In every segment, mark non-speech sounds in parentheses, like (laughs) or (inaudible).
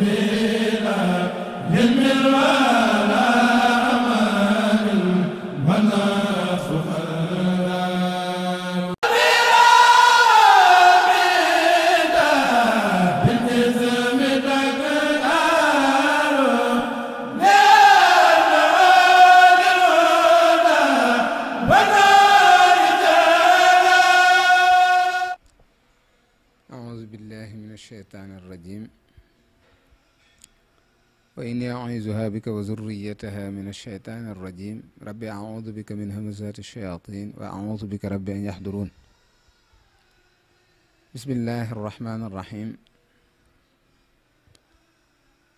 من من الشيطان الرجيم ربي أعوذ بك من همزات الشياطين وأعوذ بك ربي أن يحضرون بسم الله الرحمن الرحيم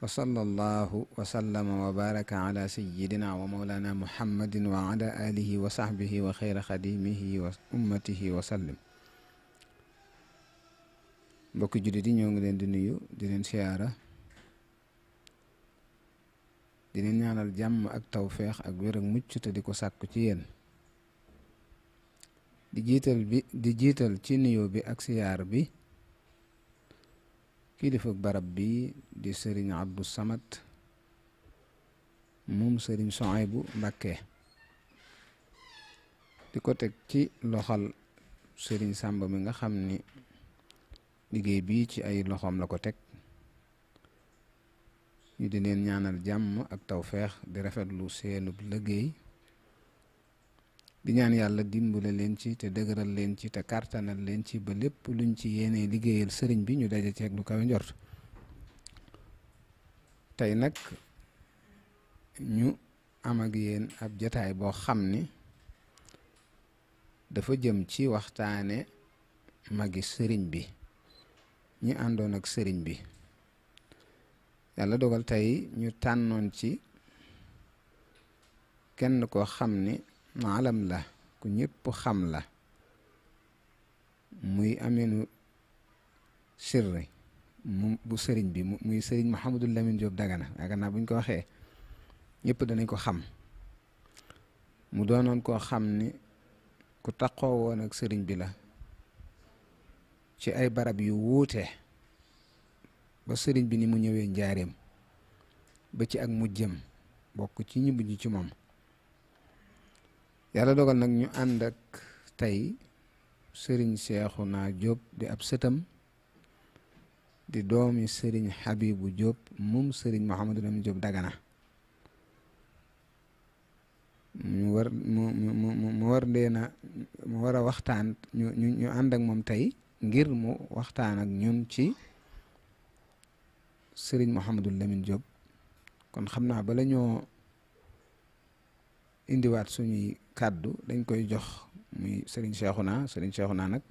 وصلى الله وسلم وبارك على سيدنا ومولانا محمد وعلى آله وصحبه وخير خديمه وأمته وسلم mbokk jullit yi ñoo ngi leen di nuyu di leen siyaara di leen ñaanal jàmm ak tawféex ak wér ak mucc te di ko sàkku ci yéen di jiital bi di jiital ci nuyoo bi ak siyaar bi kilifa barab bii di sëriñ Abdou Samad moom sëriñ bu Mbàkke di ko teg ci loxal sëriñ Sàmba mi nga xam ni liggéey bi ci ay loxoom la ko teg ñu di leen ñaanal jàmm ak tawfeex di rafetlu seenub liggéey di ñaan yàlla dimbale leen ci te dëgëral leen ci te kartanal leen ci ba lépp luñ ci yéenee liggéeyal sëriñ bi ñu daje ceeg lu kawe njort tey nag ñu amag ak ab jataay boo xam ni dafa jëm ci waxtaane magi sëriñ bi ñi àndoon ak sëriñ bi yàlla dogal tey ñu tànnoon ci kenn koo xam ni maalam la ku ñépp xam la muy aminu sirri mu bu sëriñ bi muy sëriñ Mouhamadou Lamine Diop Dagana yaakaar naa buñ ko waxee ñëpp danañ ko xam mu doonoon koo xam ni ku taqoo woon ak sëriñ bi la ci ay barab yu wuute ba sëriñ bi ni mu ñëwee njaareem ba ci ak mujjam bokk ci ñu ci moom yàlla dogal nag ñu ànd tey sëriñ Seexuna Jóob di ab sëtam di doomi sëriñ Xabibu Jóob moom sëriñ Muhammadu Lamin Jóob Dagana mu war mu mu mu war deena mu war a waxtaan ñu ñu moom tey ngir mu waxtaan ak ñun ci sëriñ Mouhamadul Lamine Diop kon xam naa bala ñoo indiwaat suñuy kàddu dañ koy jox muy sëriñ Cheikhouna sëriñ naa nag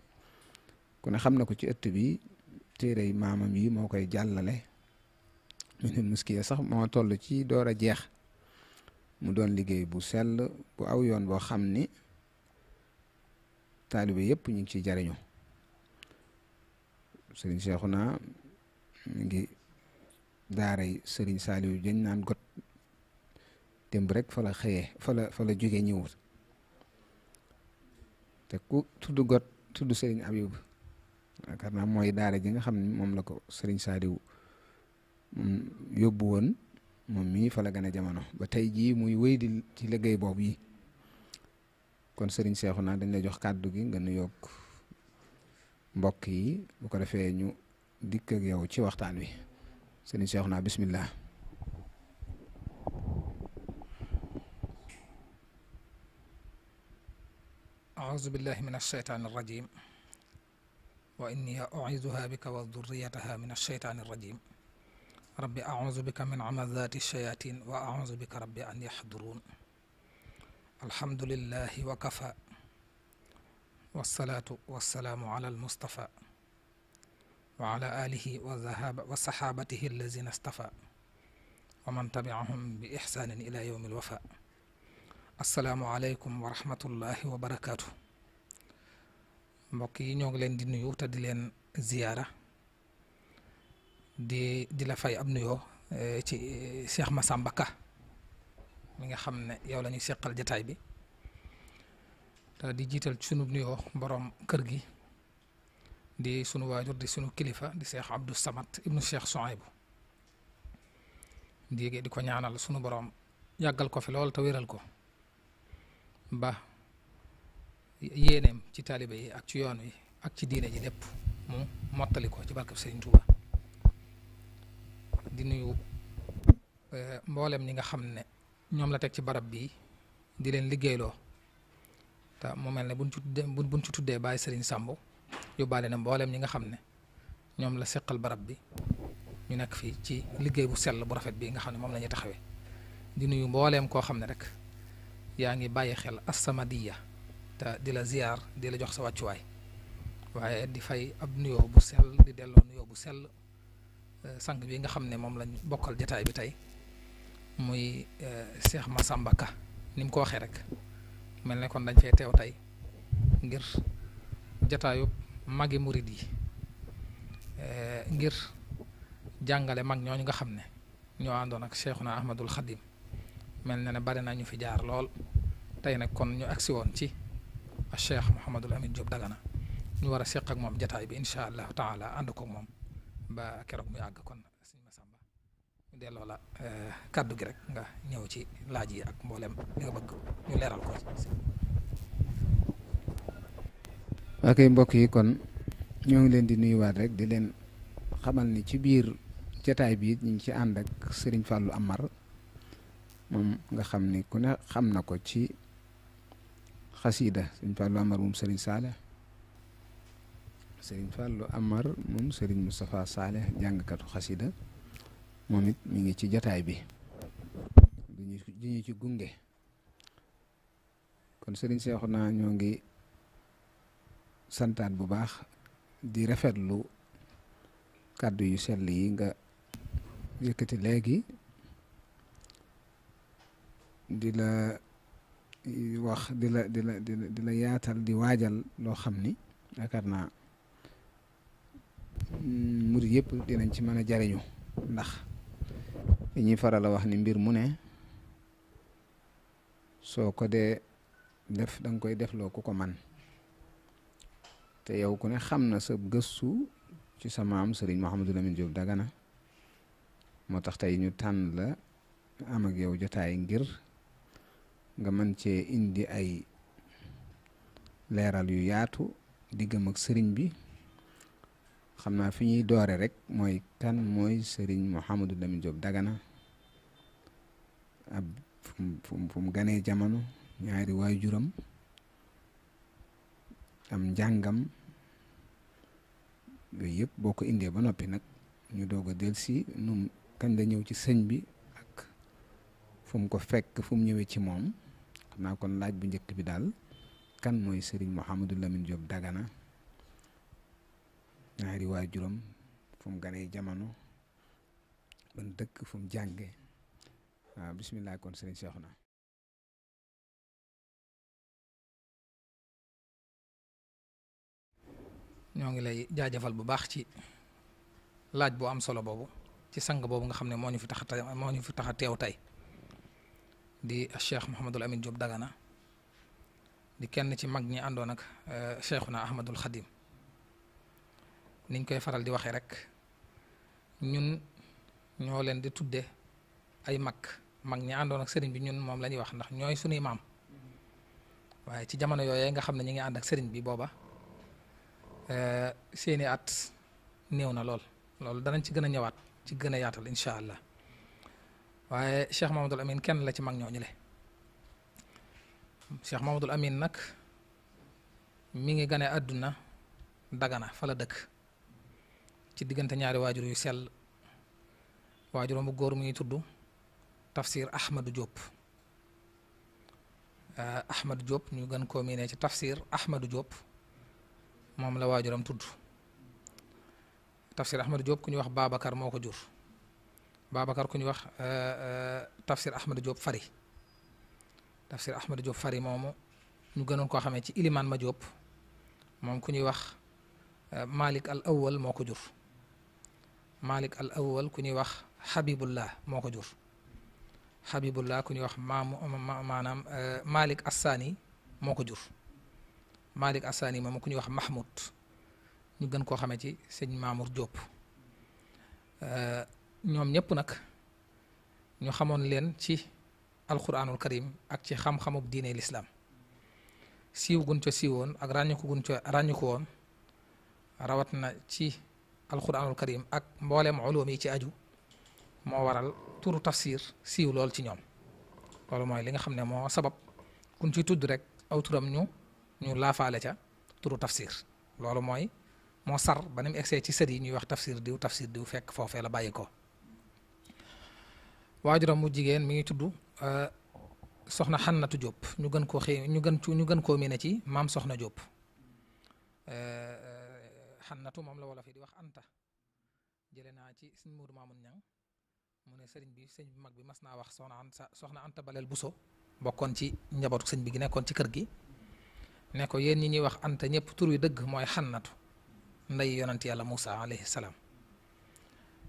kon ne xam na ko ci ëtt bi téere yi maamam yi moo koy jàllale muski muskiya sax moo toll ci door a jeex mu doon liggéey bu sell bu aw yoon boo xam ni taalibe yëpp ñu ngi ciy jariñu sëriñ Cheikhouna mi daaray Serigne Saliou jëñ naan got démb rek fa la xëyee fa la fa la jóge ñëw te ku tudd got tudd Serigne Habib yaakaar naa mooy daara ji nga xam ne moom la ko sëriñ Saliou yóbbu woon moom mii fa la gën a jamono ba tey jii muy wéy di ci liggéey boobu yi kon Serigne naa dañ lay jox kàddu gi nga nuyoog mbokk yi bu ko defee ñu dikk ak yow ci waxtaan wi. sëriñ Cheikh naa bismillah أعوذ بالله من الشيطان الرجيم وإني أعيذها بك وذريتها من الشيطان الرجيم ربي أعوذ بك من عمذات الشياطين وأعوذ بك ربي أن يحضرون الحمد لله وكفى والصلاة والسلام على المصطفى wa ala alihi wa zahaba wa sahabatihi allazina stafa wa man tabiahum bi ixsaanin ila yowmi alwafa asalaamu aleykum wa rahmatullahi wa barakaatu mbokk yi ñoo ngi leen di nuyu te di leen ziyaara di di la fay ab nuyoo e, ci e, Cheikh Massamba Ka mi nga xam ne yow la ñu seqal jataay bi te di jiital sunu nuyoo boroom kër gi di sunu waajur di sunu kilifa di seex Abdou Samad ibnu seex Suaybu di di ko ñaanal sunu boroom yàggal ko fi lool te wéral ko ba yéeneem ci taalibe yi ak ci yoon wi ak ci diine ji lépp mu mottali ko ci barkab Sëriñ Tuuba di nuyu eh, mboolem ñi nga xam ne ñoom la teg ci barab bii di leen liggéeyloo ta mu mel ne buñ ci buñ ci tuddee Baay Sëriñ Sàmb yóbbaale na mbooleem ñi nga xam ne ñoom la seqal barab bi ñu nekk fii ci liggéey bu sell bu rafet bi nga xam ne moom la ñuy taxawee di nuyu mbooleem koo xam ne rek yaa ngi bàyyi xel assamadiya te di la ziyaar di la jox sa wàccuwaay waaye di fay ab nuyoo bu sel di delloo nuyoo bu sell eh, sang bi nga xam ne moom lañ bokkal jataay bi tey muy eh, Cheikh Massamba Ka ni ko waxee rek mel ne kon dañ fee teew tey ngir jataayub magi murid yi eh, ngir jàngale mag ñooñu nga xam ne ñoo àndoon ak Cheikhuna Ahmadul Xadim mel na ne bari na ñu fi jaar lool tey nag kon ñu agsi woon ci Cheikh Mouhamadul Amin Diop Dagana ñu war a seq moom jataay bi incha allahu taala ànd ko moom ba keroog muy àgg kon sëñ Masamba ñu delloo la eh, kàddu gi rek nga ñëw ci laaj yi ak mboolem ñu leeral ko ak mbokk yi kon ñoo ngi leen di nuyuwaat rek di leen xamal ni ci biir jataay bi ñu ngi ci ànd ak sëriñ Fallou Amar mom nga xam ni ku ne xam na ko ci xasiida sëriñ Fallou Amar moom sëriñ Saaleh sëriñ Fallou Amar moom sëriñ Moustapha Saaleh jàngkatu xasiida moom it mi ngi ci jataay bi di ñu ci gunge kon sëriñ Seexuna ñoo ngi santaat bu baax di rafetlu kàddu yu sell yi nga yëkkati léegi di la wax di la yaatal di waajal loo xam ni yaakaar naa murid yëpp dinañ ci mën a jariñu ndax dañuy faral a wax ni mbir mu ne soo ko dee def danga koy defloo ku ko man te yow ku ne xam na sa gëstu ci sa maam Serigne Mouhamadou Lamine Diop Dagana moo tax tey ñu tànn la amak ak yow jotaay ngir nga mën cee indi ay leeral yu yaatu diggam ak sëriñ bi xam naa fi ñuy doore rek mooy kan mooy Serigne Mouhamadou Lamine Dagana ab fu mu fu mu ganee jamono ñaari waajuram am njàngam yooyu yëpp boo ko indee ba noppi nag ñu doog a del si num kañ la ñëw ci sëñ bi ak fu mu ko fekk fu ñëwee ci moom xam naa kon laaj bu njëkk bi daal kan mooy sëriñ Mouhamadou Lamine Diop Dagana ñaari waajuram fu mu ganee jamono ban dëkk fu mu jànge waaw bisimilah kon sëriñ Cheikhouna ñoo ngi lay jaajëfal bu baax ci laaj bu am solo boobu ci sang boobu nga xam ne moo ñu fi tax a moo ñu fi tax a teew tey di cheikh Mouhamadul Amin Diop Dagana di kenn ci mag ñi àndoon ak euh, cheikhuna Ahmadul Xadim niñ koy faral di waxee rek ñun ñoo leen di tudde ay mag mag ñi àndoon sëriñ bi ñun moom la ñuy wax ndax ñooy sunuy maam waaye ci jamono yooyee nga xam ne ñu ngi ànd ak sëriñ bi booba. Eh, seeni at néew na lool loolu danañ ci gën a ñëwaat ci gën a yaatal incha allah waaye Cheikh Mamadou Amine kenn la ci mag ñooñu le Cheikh Mamadou Amine nag mi ngi gane àdduna dagana fala dëkk ci diggante ñaari waajur yu sell waajuram bu góor mu ngi tudd tafsir Ahmadou Diop eh, Ahmadou Diop ñu gën koo miinee ci tafsir Ahmadou Diop. moom la waajuram tudd tafsir Ahmad Diop ku ñuy wax Babacar moo ko jur Babacar ku ñuy wax euh, euh, tafsir Ahmad Diop Fari tafsir Ahmad Diop Fari moomu ñu gënoon koo xamee ci Ilimaan ma Diop moom ku ñuy wax euh, Malik al moo ko jur Malik al ku ñuy wax Habibullah moo ko jur Habibullah ku ñuy wax maamu maanaam Malik Assani moo ko jur. Malick Assani moom ku ñu wax Mahmoud ñu gën koo xamee ci sëñ Mamour Diop euh, ñoom ñëpp nag ñu xamoon leen ci alquranul karim ak ci xam-xamub diine lislaam siiw gun ca siiwoon ak ràññiku gun ca ràññiku woon rawat na ci alquranul karim ak mbooleem ulum yi ci aju moo waral turu tafsir siiw lool ci ñoom loolu mooy li nga xam ne moo sabab kun ci tudd rek aw turam ñu ñu laafaale ca turu tafsir loolu mooy moo sar ba ni mu ci sët yi ñuy wax tafsir diw tafsir diw fekk foofee la bàyyi ko waajuram mu jigéen mi ngi tudd euh, soxna Xannatu Diop ñu gën koo xëy ñu gën ñu gën koo miine ci maam soxna Diop euh, Xannatu moom la wala fi di wax Anta jëlee naa ci sëñ Mourou Mamoun Niang mu ne sëriñ bi sëñ bi mag bi mas naa wax soxna Anta soxna Anta Balel Buso bokkoon ci njabootu sëñ bi gi nekkoon ci kër gi. ne ko yéen ñi ñuy wax anta ñëpp tur wi dëgg mooy xannatu nday yonent yàlla Moussa alayhi salaam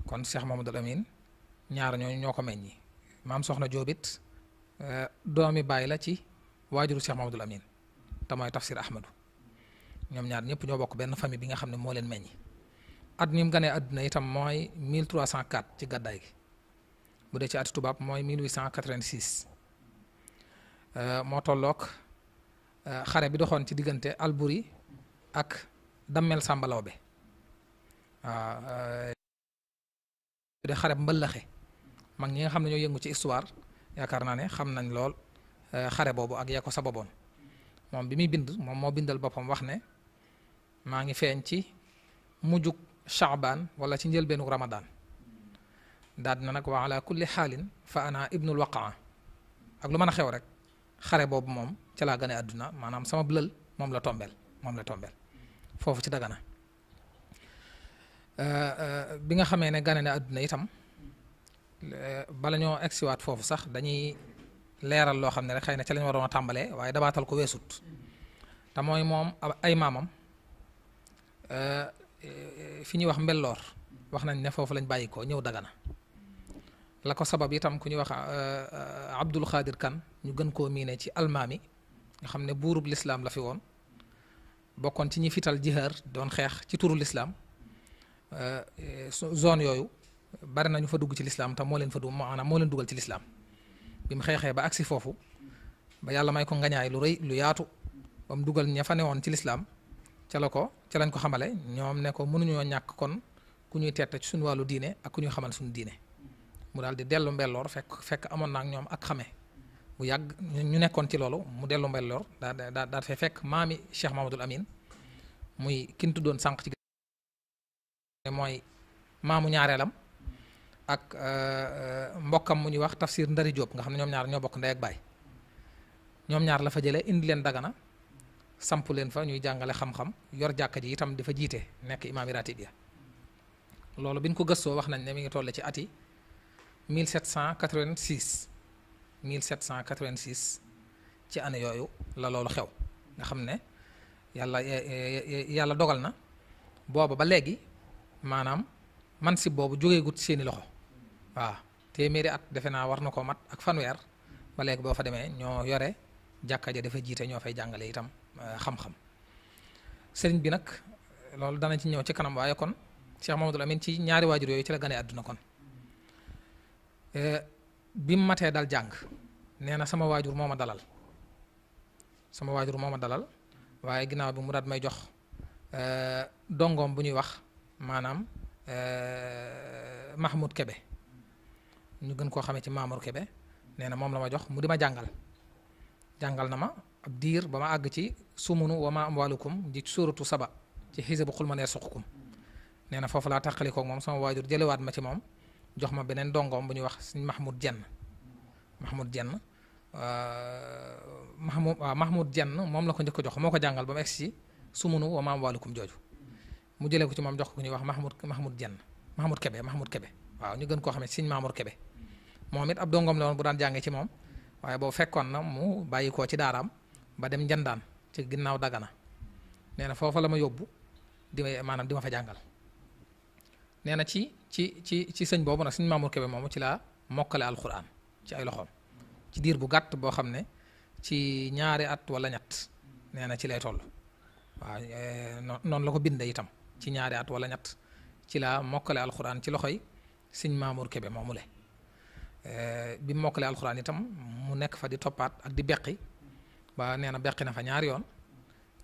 kon Cheikh Mamadou Amine ñaar ñooñu ñoo ko meññi maam soxna Joobit eh, doomi bàyyi la ci waajuru Cheikh Mamadou Amine te mooy tafsir Ahmadu ñoom ñaar ñëpp ñoo bokk benn famille bi nga xam ne moo leen meññi. at mi mu ganee àdduna itam mooy 1304 ci gàddaay gi bu dee ci at tubaab mooy 1886 eh, moo tollook Euh, xare bi doxoon ci diggante Albouri ak Dammel Samba Lawbe waaw euh, euh, de xare mbëllaxe mag ñi nga xam ne ñoo yëngu ci histoire yaakaar naa ne xam nañ lool xare boobu ak yaa ko sababoon moom bi muy bind moom moo bindal boppam wax ne maa ngi feeñ ci mujjug Shaaban wala ci njëlbeenu ramadaan daal dina nag wa ala kulli xaalin fa ana ibnul waqaa ak lu mën a xew rek. xare boobu moom ca laa gane àdduna maanaam sama lël moom la tombeel moom la tombeel foofu ci dagana euh, euh, bi nga xamee ne gane na àdduna itam euh, bala ñoo egsiwaat foofu sax dañuy leeral loo xam ne rek xëy na ca lañ waroon a tàmbalee waaye dabaatal ko weesut te mooy moom ay maamam fi ñuy wax mbelloor wax nañ ne foofu lañ bàyyi ko ñëw dagana la ko sabab itam ku ñuy wax euh, euh, Abdul Xaadir Kan ñu gën koo miine ci almaami nga xam ne buurub lislaam la fi woon bokkoon ci ñi fital jihaar doon xeex ci turu lislaam euh, zone yooyu bari nañu fa dugg ci lislaam te moo leen fa dugg maanaam moo leen dugal ci lislaam bi mu xeexee ba agsi foofu ba yàlla may ko ngañaay lu rëy lu yaatu ba dugal ña fa woon ci lislaam ca la ko ca lañ ko xamale ñoom ne ko mënuñoo ñàkk kon ku ñuy tett ci suñu wàllu diine ak ku ñuy xamal suñu diine mu daal di dellu mbelloor fekk fekk amoon na ak ñoom ak xame bu yàgg ñu nekkoon ci loolu mu dellu mbelloor fekk maami Cheikh Mamadou Amin muy ki tuddoon sànq mooy maamu ñaareelam ak euh, euh, mbokkam mu ñuy wax tafsir ndari Diop nga xam ne ñoom ñaar ñoo bokk ndey ak ñaar la fa jëlee indi leen dagana samp leen fa ñuy jàngale xam-xam yor jàkka ji itam dafa jiite nekk imaam ratib ya loolu bi ñu ko gëstoo wax nañ ne mi ngi toll ci ati cent 1786 1786 ci année yooyu la loolu xew nga xam ne yàlla yàlla dogal na booba ba léegi maanaam man si boobu jógee gut seeni loxo waaw téeméeri at defe naa war na koo mat ak fanweer ba léegi boo fa demee ñoo yore jàkka ja dafa jiite ñoo fay jàngale itam euh, xam-xam sëriñ bi nag loolu dana ci ñëw ci kanam waaye kon Cheikh Mamadou Lamine ci ñaari waajur yooyu ci la gane àdduna kon Eh, bi mu matee dal jàng nee na sama waajur moo ma dalal sama waajur moo ma dalal waaye ginnaaw bi mu daat may jox eh, dongoom bu ñuy wax maanaam eh, Mahmoud Kebe ñu gën koo xamee ci Mamour Kebe nee na moom la ma jox mu di ma jàngal jàngal na ma ab diir ba ma àgg ci sumunu wa ma amwalukum ji suuratu saba ci xisabu xul ma nee suqkum nee na foofu laa tàqalikoo moom sama waajur jëlewaat ma ci moom jox ma beneen dongoom bu ñuy wax sëñ Mahmoud Jenn Mahmoud Jenn euh, Mahmoud waaw Mahmoud Jenn moom la ko njëkk jox moo ko jàngal ba mu su si sumunu ma maam walukum jooju mu jële ko ci moom jox ko ku ñuy wax Mahmoud Mahmoud Jenn Mahmoud Kebe Mahmoud Kebe waaw ñu gën koo xamee sëñ Mamour Kebe moom it ab dongoom la bu daan jàngee ci moom waaye boobu fekkoon na mu bàyyi koo ci daaraam ba dem njandaan ci ginnaaw dagana nee na foofa la ma yóbbu di ma maanaam di ma fa jàngal nee na ci ci ci ci sëñ boobu nag sëñ Mamour Kébé moomu ci laa mokkale alxuraan ci ay loxoom ci diir bu gàtt boo xam ne ci ñaari at walla ñett nee na ci lay toll waaw eh, noonu la ko bindee itam ci ñaari at wala ñett ci laa mokkale alxuraan ci loxoy sëñ Mamour Kébé moomu le eh, bi mu mokkalee alxuraan itam mu nekk fa di toppaat ak di beqi ba nee na beqi na fa ñaari yoon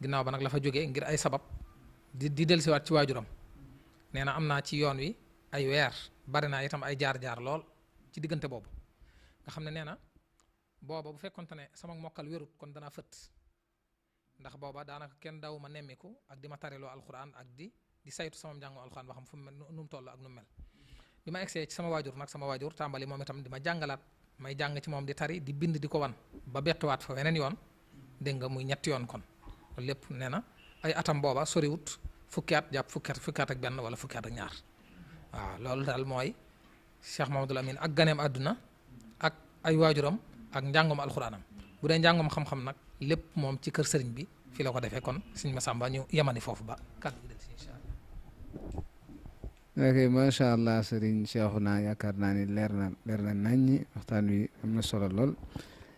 ginnaaw ba nag la fa jógee ngir ay sabab di di dellusiwaat ci waajuram nee na am naa ci yoon wi. ay weer bari naa itam ay jaar-jaar lool ci diggante boobu nga xam ne nee na booba bu fekkonte ne sama mokkal wérut kon danaa fët ndax booba daanaka kenn daawu ma nemmiku ak di ma loo alxuraan ak di di saytu sama njàngu alxaan ba xam fu mu mel nu mu toll ak nu mu mel bi ma egsee ci sama waajur nag sama waajur tàmbali moom itam di ma jàngalaat may jàng ci moom di tari di bind di ko wan ba bettuwaat fa weneen yoon dégg muy ñetti yoon kon loolu lépp nee na ay atam booba soriwut fukki at jàpp fukki ak benn wala fukki ñaar waaw loolu daal mooy Cheikh Mamadou Amine ak ganeem àdduna ak ay waajuram ak njàngum alxuraanam bu dee njàngum xam-xam nag lépp moom ci kër sëriñ bi fi la ko defee kon sëñ Masamba ñu yemani foofu ba kàddu gi del incha allah sëriñ Cheikhouna yaakaar naa ni leer na leer na naññi waxtaan wi am na solo lool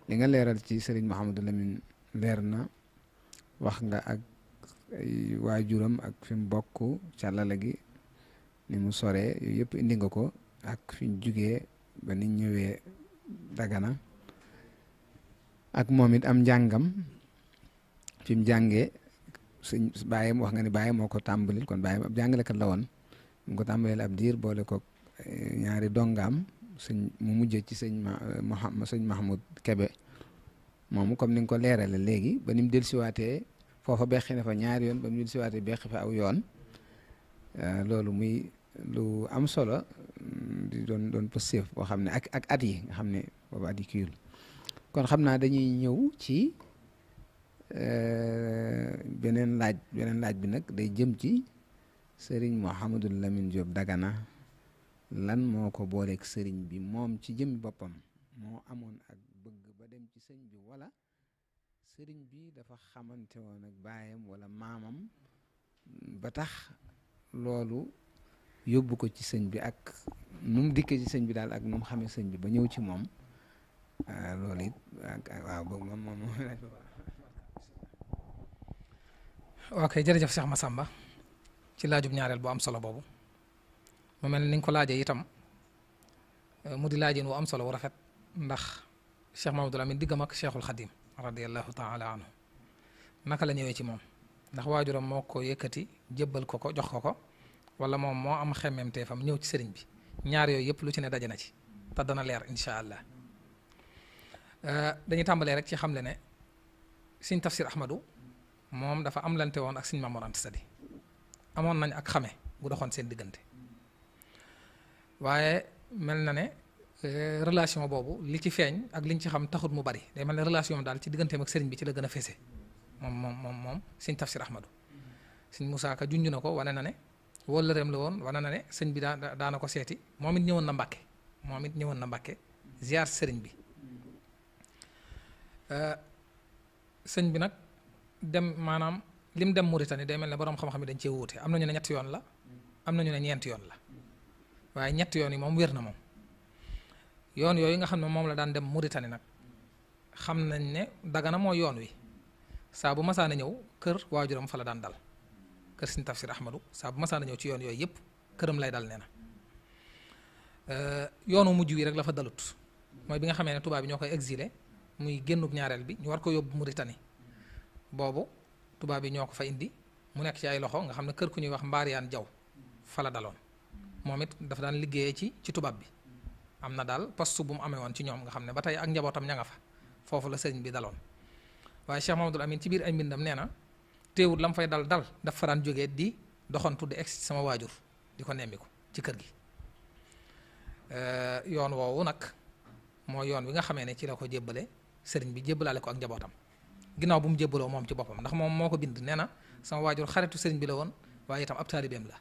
li nga leeral ci sëriñ Mouhamadou Lamine leer na wax nga ak waajuram ak fi mu bokk gi ni mu soree yooyu yëpp indi nga ko ak fi ñu jugee ba ni ñëwee dagana ak moom it am njàngam fi mu jàngee sëñ bàyyam wax nga ni bàyyi moo ko tàmbalil kon bàyyam ab jàngalekat la woon mu ko tàmbalil ab diir boole ko eh, ñaari dongaam sëñ mu mujjee ci sëñ eh, Mouhamad sëñ Mahmoud Kebe moomu comme ni nga ko leerale léegi ba ni mu dellusiwaatee foofa beqi na fa ñaari yoon ba mu dellusiwaatee beqi fa aw yoon Euh, loolu muy lu am solo mm, di doon doon boo xam ne ak ak at yi nga xam ne boobu at yi kon xam naa dañuy ñëw ci euh, beneen laaj beneen laaj bi nag day jëm ci sëriñ Mouhamadul Lamine Diop Dagana lan moo ko booleek sëriñ bi moom ci jëm boppam moo amoon ak bëgg ba dem ci sëñ bi wala sëriñ bi dafa xamante woon ak baayam wala maamam batax loolu yóbbu ko ci sëñ bi ak nu mu dikkee ci sëñ bi daal ak nu mu xamee sëñ bi ba ñëw ci moom ah, loolu it ah, waaw boobu moom moom ok jërëjëf Cheikh Massamba ci laajub ñaareel bu am solo boobu mu mel ni nga ko laajee itam eh, mu di laajeen wu am solo wu rafet ndax Cheikh Mamadou Lamine diggam ak Cheikhul Khadim radiallahu taala anhu naka la ñëwee ci moom ndax waajuram moo ko yëkkati jëbbal ko ko jox ko ko wala moom moo am xemmemteefam ñëw ci sëriñ bi ñaar yooyu yëpp lu ci ne daje na ci te leer incha allah euh, dañuy tàmbalee rek ci xamle ne sëñ tafsir ahmadu moom dafa am lante woon ak sëñ Mamoor Anta Sali amoon nañ ak xame bu doxoon seen diggante waaye mel na ne euh, relation boobu li ci feeñ ak liñ ci xam taxut mu bari day mel ne relation daal ci digganteem ak sëriñ bi ci la gën a fese moom moom moom moom sëñ Tafsir Ahmadu sëñ Moussa Ka ju na ko wane na ne wóllëreem la woon wane na ne sëñ bi daa daana ko seeti moom it ñëwoon na Mbàkke moom it ñëwoon na Mbàkke ziar sëriñ bi euh, sëñ bi nag dem maanaam lim dem Mauritanie day mel ne boroom xam-xam yi dañ cee wuute am na ñu ne ñetti yoon la am na ñu ne ñeenti yoon la waaye ñetti yoon yi moom wér na moom yoon yooyu nga xam ne moom la daan dem Mauritanie nag xam nañ ne Dagana mooy yoon wi. saabu bu masaana ñëw kër waajuram fa la daan dal kër sin tafsir ahmadu saabu bu masaana ñëw ci yoon yooyu yëpp këram lay dal nee na euh, yoonu mujj wi rek la fa dalut mooy bi nga xamee ne tubaab yi ñoo koy exilé muy génnug ñaareel bi ñu war ko yóbbu Mauritanie boobu tubaab yi ñoo ko fa indi mu nekk ci ay loxo nga xam ne kër ku ñuy wax mbaariyaan jaw fa la daloon moom it dafa daan liggéeyee ci ci tubaab bi am na daal poste bu mu amee woon ci ñoom nga xam ne ba tey ak njabootam ña nga fa foofu la sëriñ bi daloon waaye Cheikh Mamadou Amine ci biir ay mbindam nee na teewul la fay dal dal daf fa jóge di doxantu di egg sama waajur di ko nemmiku ci kër gi euh, yoon woowu nag mooy yoon wi nga xamee ne ci la ko jébbale seriñ bi jébbalaale ko ak njabootam ginnaaw bu mu jébbaloo moom ci boppam ndax moom moo ko bind nee na sama waajur xaritu sëriñ bi la woon waaye itam ab taalibeem la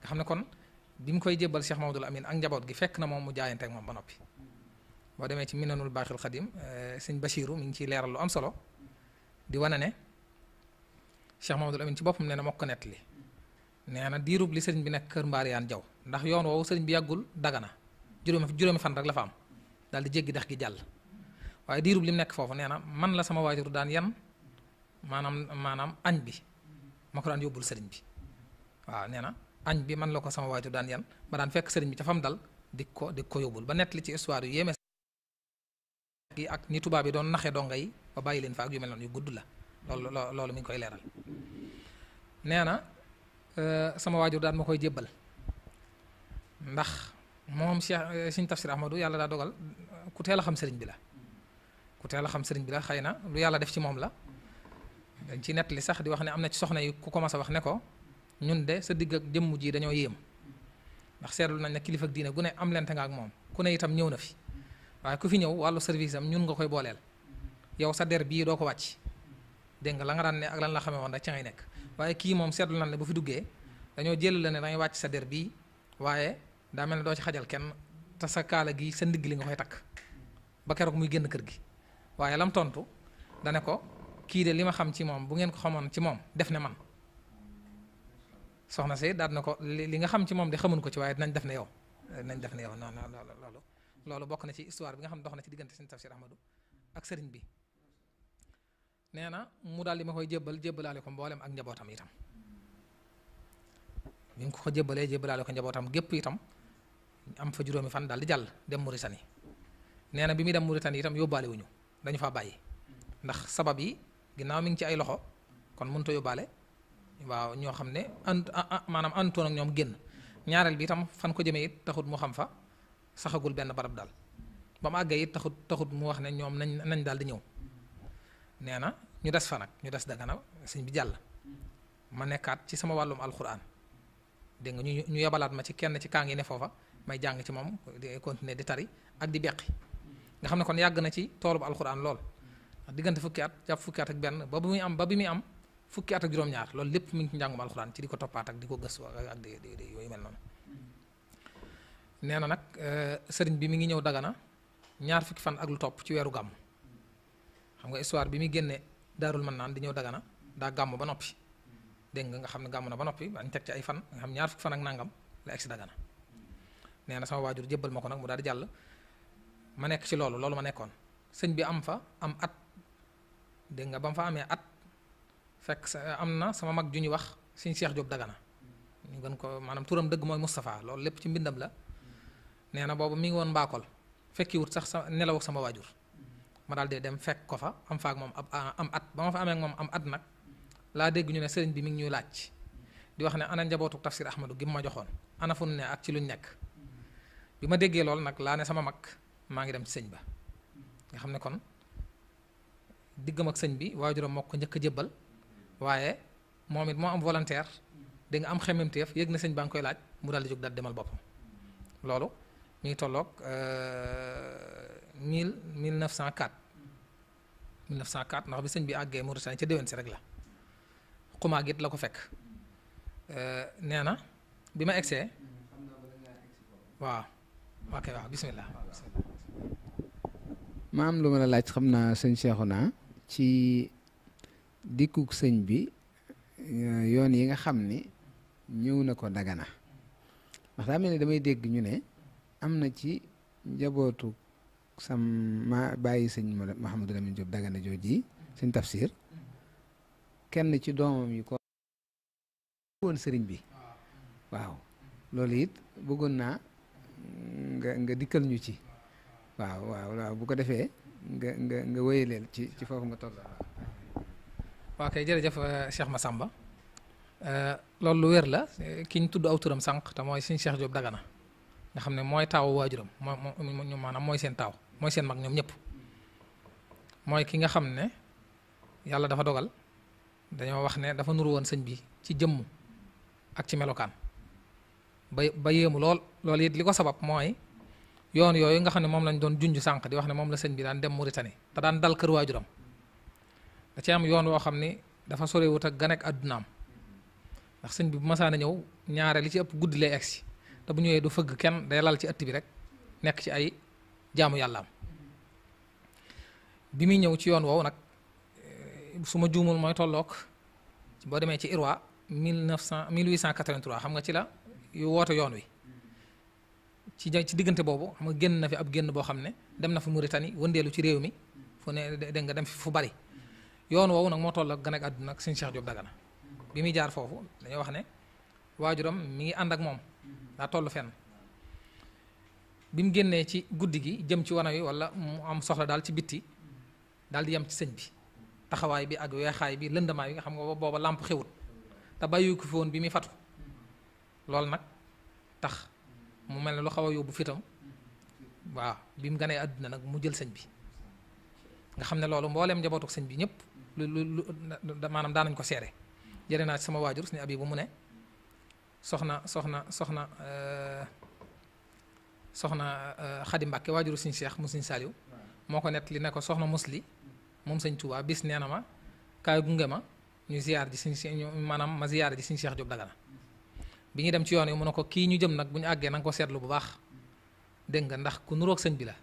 nga xam ne kon bi mu koy jébbal Cheikh Mamadou Amine ak njaboot gi fekk na moom mu jaayante moom ba noppi. boo demee ci minanul baaxil xadim eh, sëñ Bachiru mu ngi ciy leeral lu am solo di wane ne Cheikh Mamadou Amin ci boppam nee na mokk nett li nee na diirub li sëriñ bi nekk Kër Mbaariyaan Jaw ndax yoon woowu sëriñ bi yàggul dagana juróomi juróomi fan rek la fa am dal di jéggi dex gi jàll waaye diirub li mu nekk foofu nee na man la sama waajur daan yan maanaam maanaam añ bi ma ko daan yóbbul bi waaw nee na añ bi man la ko sama waajur daan yan ma daan fekk sëriñ bi ca fam dal di ko di ko yóbbul ba nett li ci histoire yu yéeme yi ak ñi tubaab yi doon naxe donga yi ba bàyyi leen fa ak yu mel noonu yu gudd la loolu loolu mi koy leeral nee na euh, sama waajur daan ma koy jébbal ndax moom Cheikh euh, Sëriñ Tafsir Ahmadou yàlla daa dogal ku teel a xam sëriñ bi la ku teel xam sëriñ bi la xëy na lu yàlla def ci moom la dañ ci nettali sax di wax ne am na ci soxna yi ku commencé wax ne ko ñun de sa digg ak jëmm ji dañoo yéem ndax seetlu nañ ne kilifa ak diine gu ne am lente nga ak moom ku ne itam ñëw na fi waaye ku fi ñëw wàllu service am ñun nga koy booleel yow sa der bii doo ko wàcc dégg la nga daan ne ak lan la xamee woon rek ci ngay nekk waaye kii moom seetlu na ne bu fi duggee dañoo jël la ne dangay wàcc sa der bii waaye daa mel ne doo ci xajal kenn te sa kaala gi sa ndigg li nga koy takk ba keroog muy génn kër gi waaye lam tontu dane ko kii de li ma xam ci moom bu ngeen ko xamoon ci moom def ne man soxna si daal na ko li nga xam ci moom de xamuñ ko ci waaye dinañ def ne yow dinañ def ne yow non non loolu bokk na ci histoire bi nga xam ne dox na ci diggante sëñ Tafsir Ahmadu ak sëriñ bi nee na mu daal di ma koy jébbal jébbalaale ko mboolem ak njabootam itam bi nga ko jébbalee njabootam gépp itam am fa juróomi fan daal di jàll dem Mauritanie nee na bi muy dem Mauritanie itam dañu fa bàyyi ndax sabab yi ginnaaw mi ngi ci ay loxo kon mënut a yóbbaale waaw ñoo xam ne ant maanaam antoon ak ñoom génn ñaareel bi itam fan ko jëmee it taxut mu xam fa. saxagul benn barab daal ba mu àggee it taxut taxut mu wax ne ñoom nañ nañ daal di ñëw nee na ñu des fa nag ñu des dagana sëñ bi jàll ma nekkaat ci sama wàllum alxuraan dégg nga ñu ñu yebalaat ma ci kenn ci kaa ngi ne foofa may jàng ci moom di continuer di tari ak di beqi nga xam ne kon yàgg na ci toolu bu alxuraan lool diggante fukki at jàpp fukki at ak benn ba bi muy am ba bi muy am fukki at ak juróom-ñaar loolu lépp mu njàngum alxuraan ci di ko toppaat ak di ko gëstu yooyu mel noonu. nee na nag euh, sëriñ bi mi ngi ñëw dagana ñaar fukki fan ak lu topp ci weeru gàmm xam nga histoire bi muy génne daarul mën naan di ñëw dagana daa gàmm ba noppi dégg nga xam ne gàmm na ba noppi bañ teg ci ay fan nga xam ñaar ak nangam la na sama waajur jébbal ma ko nag mu daal di jàll ma nekk ci loolu loolu ma nekkoon sëñ bi am fa am at dégg nga ba mu fa amee at fekk sa am na sama mag ju ñuy wax sëñ Cheikh Diop dagana ñu gën ko maanaam turam dëgg mooy Moustapha loolu lépp ci mbindam la nee na boobu mi ngi woon mbaakol fekki wut sax sa nelaw sama waajur ma daal di dem fekk ko fa am faak moom ah, am at ba ma fa amee moom am at nag laa dégg ñu ne sëriñ bi mi ngi ñuy laaj di wax ne ana njabootu tafsir ahmadu gi ma joxoon ana fu ne ak ci lu nekk bi ma déggee loolu nag laa ne sama mag maa ngi dem ci sëñ ba nga xam ne kon diggam ak sëñ bi waajuram moo ko njëkk a jébbal waaye moom it moo am volontaire di nga am xemmemteef yëg na sëñ baa ngi koy laaj mu daal di jóg demal boppam mi ngi tolloog euh, mille mille neuf cent quatre mille neuf cent quatre bi sëñ bi àggee Mauritanie ca déwén si rek la xumaag it la ko fekk euh, nee na bi ma egsee waaw ok waaw bisimilah. ma am lu ma la laaj xam naa sëñ naa ci dikkug sëñ bi euh, yoon yi nga xam ni ñëw na ko dagana ndax daa mel ni damay dégg ñu ne. am na ci njabootu sam ma bàyyi sëñ Mouhamadou Lamine Diop Dagana jooji sëñ tafsir kenn ci doomam yi ko woon sëriñ bi waaw loolu it bëggoon naa nga dikkal ñu ci waaw waaw waaw bu ko defee nga nga nga wéyaleel ci ci foofu nga toll. waaw kay jërëjëf euh, Cheikh Massamba euh, loolu lu wér la ki ñu tudd aw turam sànq te mooy sëñ Cheikh Diop Dagana. nga xam ne mooy taawu waajuram moo ñu maanaam mooy seen taaw mooy seen mag ñoom ñëpp mooy ki nga xam ne yàlla dafa dogal dañoo wax ne dafa nuru woon sëñ bi ci jëmm ak ci melokaan ba ba yéemu lool loolu it li ko sabab mooy yoon yooyu nga xam ne moom lañ doon junj sànq di wax ne moom la sëñ bi daan dem Mauritanie te daan dal kër waajuram da ci am yoon woo xam ni dafa sorewut ak ganek addunaam ndax sëñ bi bu masaana ñëw ñaare li ci ëpp guddi lay egsi te bu ñëwee du fëgg kenn day lal ci ëtt bi rek nekk ci ay jaamu yàllaam bi muy ñëw ci yoon woowu nag eh, su ma juumul mooy tolloog boo demee ci Irwa 1900 1883 xam nga ci la yu woote yoon wi ci ci diggante boobu xam nga génn na fi ab génn boo xam ne dem na fa Mauritanie wëndeelu ci réew mi fu ne dégg nga dem fi fu bari yoon woowu nag moo tolloog gan àdduna ak sëñ Cheikh Diop Dagana bi muy jaar foofu dañoo wax ne waajuram mi ngi ànd ak moom. daa tollu fenn bi mu génnee ci guddi gi jëm ci wana wi wala mu am soxla daal ci bitti daal di yem ci sëñ bi taxawaay bi ak weexaay bi lëndamaay bi nga xam nga booba làmp xewul te bàyyi ko fi bi muy fatu loolu nag tax mu mel ne lu xaw a yóbbu fitam waaw bi mu àdduna nag mu jël sëñ bi nga xam ne loolu mbooleem njabootuk sëñ bi ñëpp lu lu lu maanaam daanañ ko seere jëre naa ci sama waajur suñu abi bu mu ne soxna soxna soxna eh, soxna Xadi eh, Mbàkke waajuru Sëñ seex mu Sëñ Saaliw moo ko nett li ne ko soxna Musli moom Sëñ Tuubaa bis nee na ma kaay gunge ma ñu ziyaar ji Sëñ Cheikh maanaam ma ziyaar ji Sëñ Cheikh Jóob Dagana bi ñu dem ci yoon yi mun ne ko kii ñu jëm nag bu ñu àggee na nga ko seetlu bu baax dégg ndax ku nuroog sëñ bi la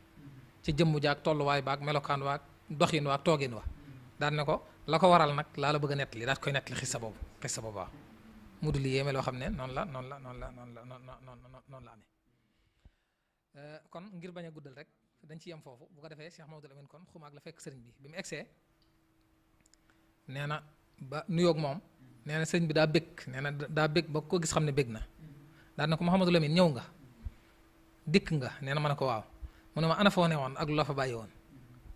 ci jëmm jaag tolluwaay baag melokaan waag doxin waag toogin wa daan ne ko la ko waral nag laa la bëgg a nettali daal koy nettali xis sa boobu xis sa mu dul yéeme loo xam ne noonu la noonu la noon la noonu la noonu la amee euh, kon ngir bañ a guddal rek dañ ci yem foofu bu ko defee Cheikh Mamadou Lamine kon xumaag la fekk sëriñ bi bi mu egsee nee na ba nuyoog moom nee na sëriñ bi daa bëgg nee na daa bëgg ba ko gis xam ne bëgg na daan na ko Mouhamadou Lamine ñëw nga dikk nga nee na ma ne ko waaw mu ne ma ana foo ne woon ak la fa bàyyi woon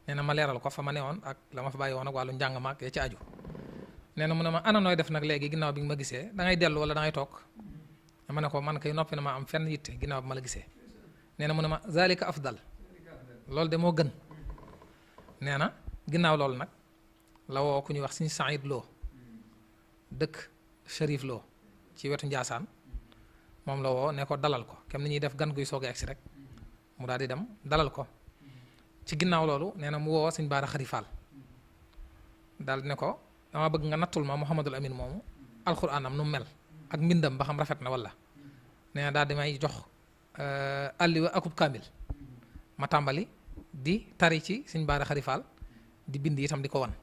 nee na ma leeral ko fa ma ne woon ak la ma fa bàyyi woon ak wàllu njàng ma ak ci aju nee na mu ne ma ana nooy def nag léegi ginnaaw bi nga ma gisee da ngay dellu wala da toog ma ne ko man kay noppi na ma am fenn yitte ginnaaw bi ma la gisee nee na mu ne ma zalika afdal loolu de moo gën nee na ginnaaw loolu nag la ku ñuy wax suñu Saïd dëkk Chérif ci wetu Njaasaan moom la woo ne dalal ko kem ni ñuy def gan kuy soog a rek mu daal di dem dalal ko ci ginnaaw loolu nee na mu woo suñ baara xarifaal daal ne ko dama bëgg nga nattul ma Mouhamadul Amin moomu alxuraanam nu mel ak mbindam ba xam rafet na wala nee na daal damay jox euh, alliwa akub kaamil ma tàmbali di tari ci suñ baara xarifaal di bind itam di ko wan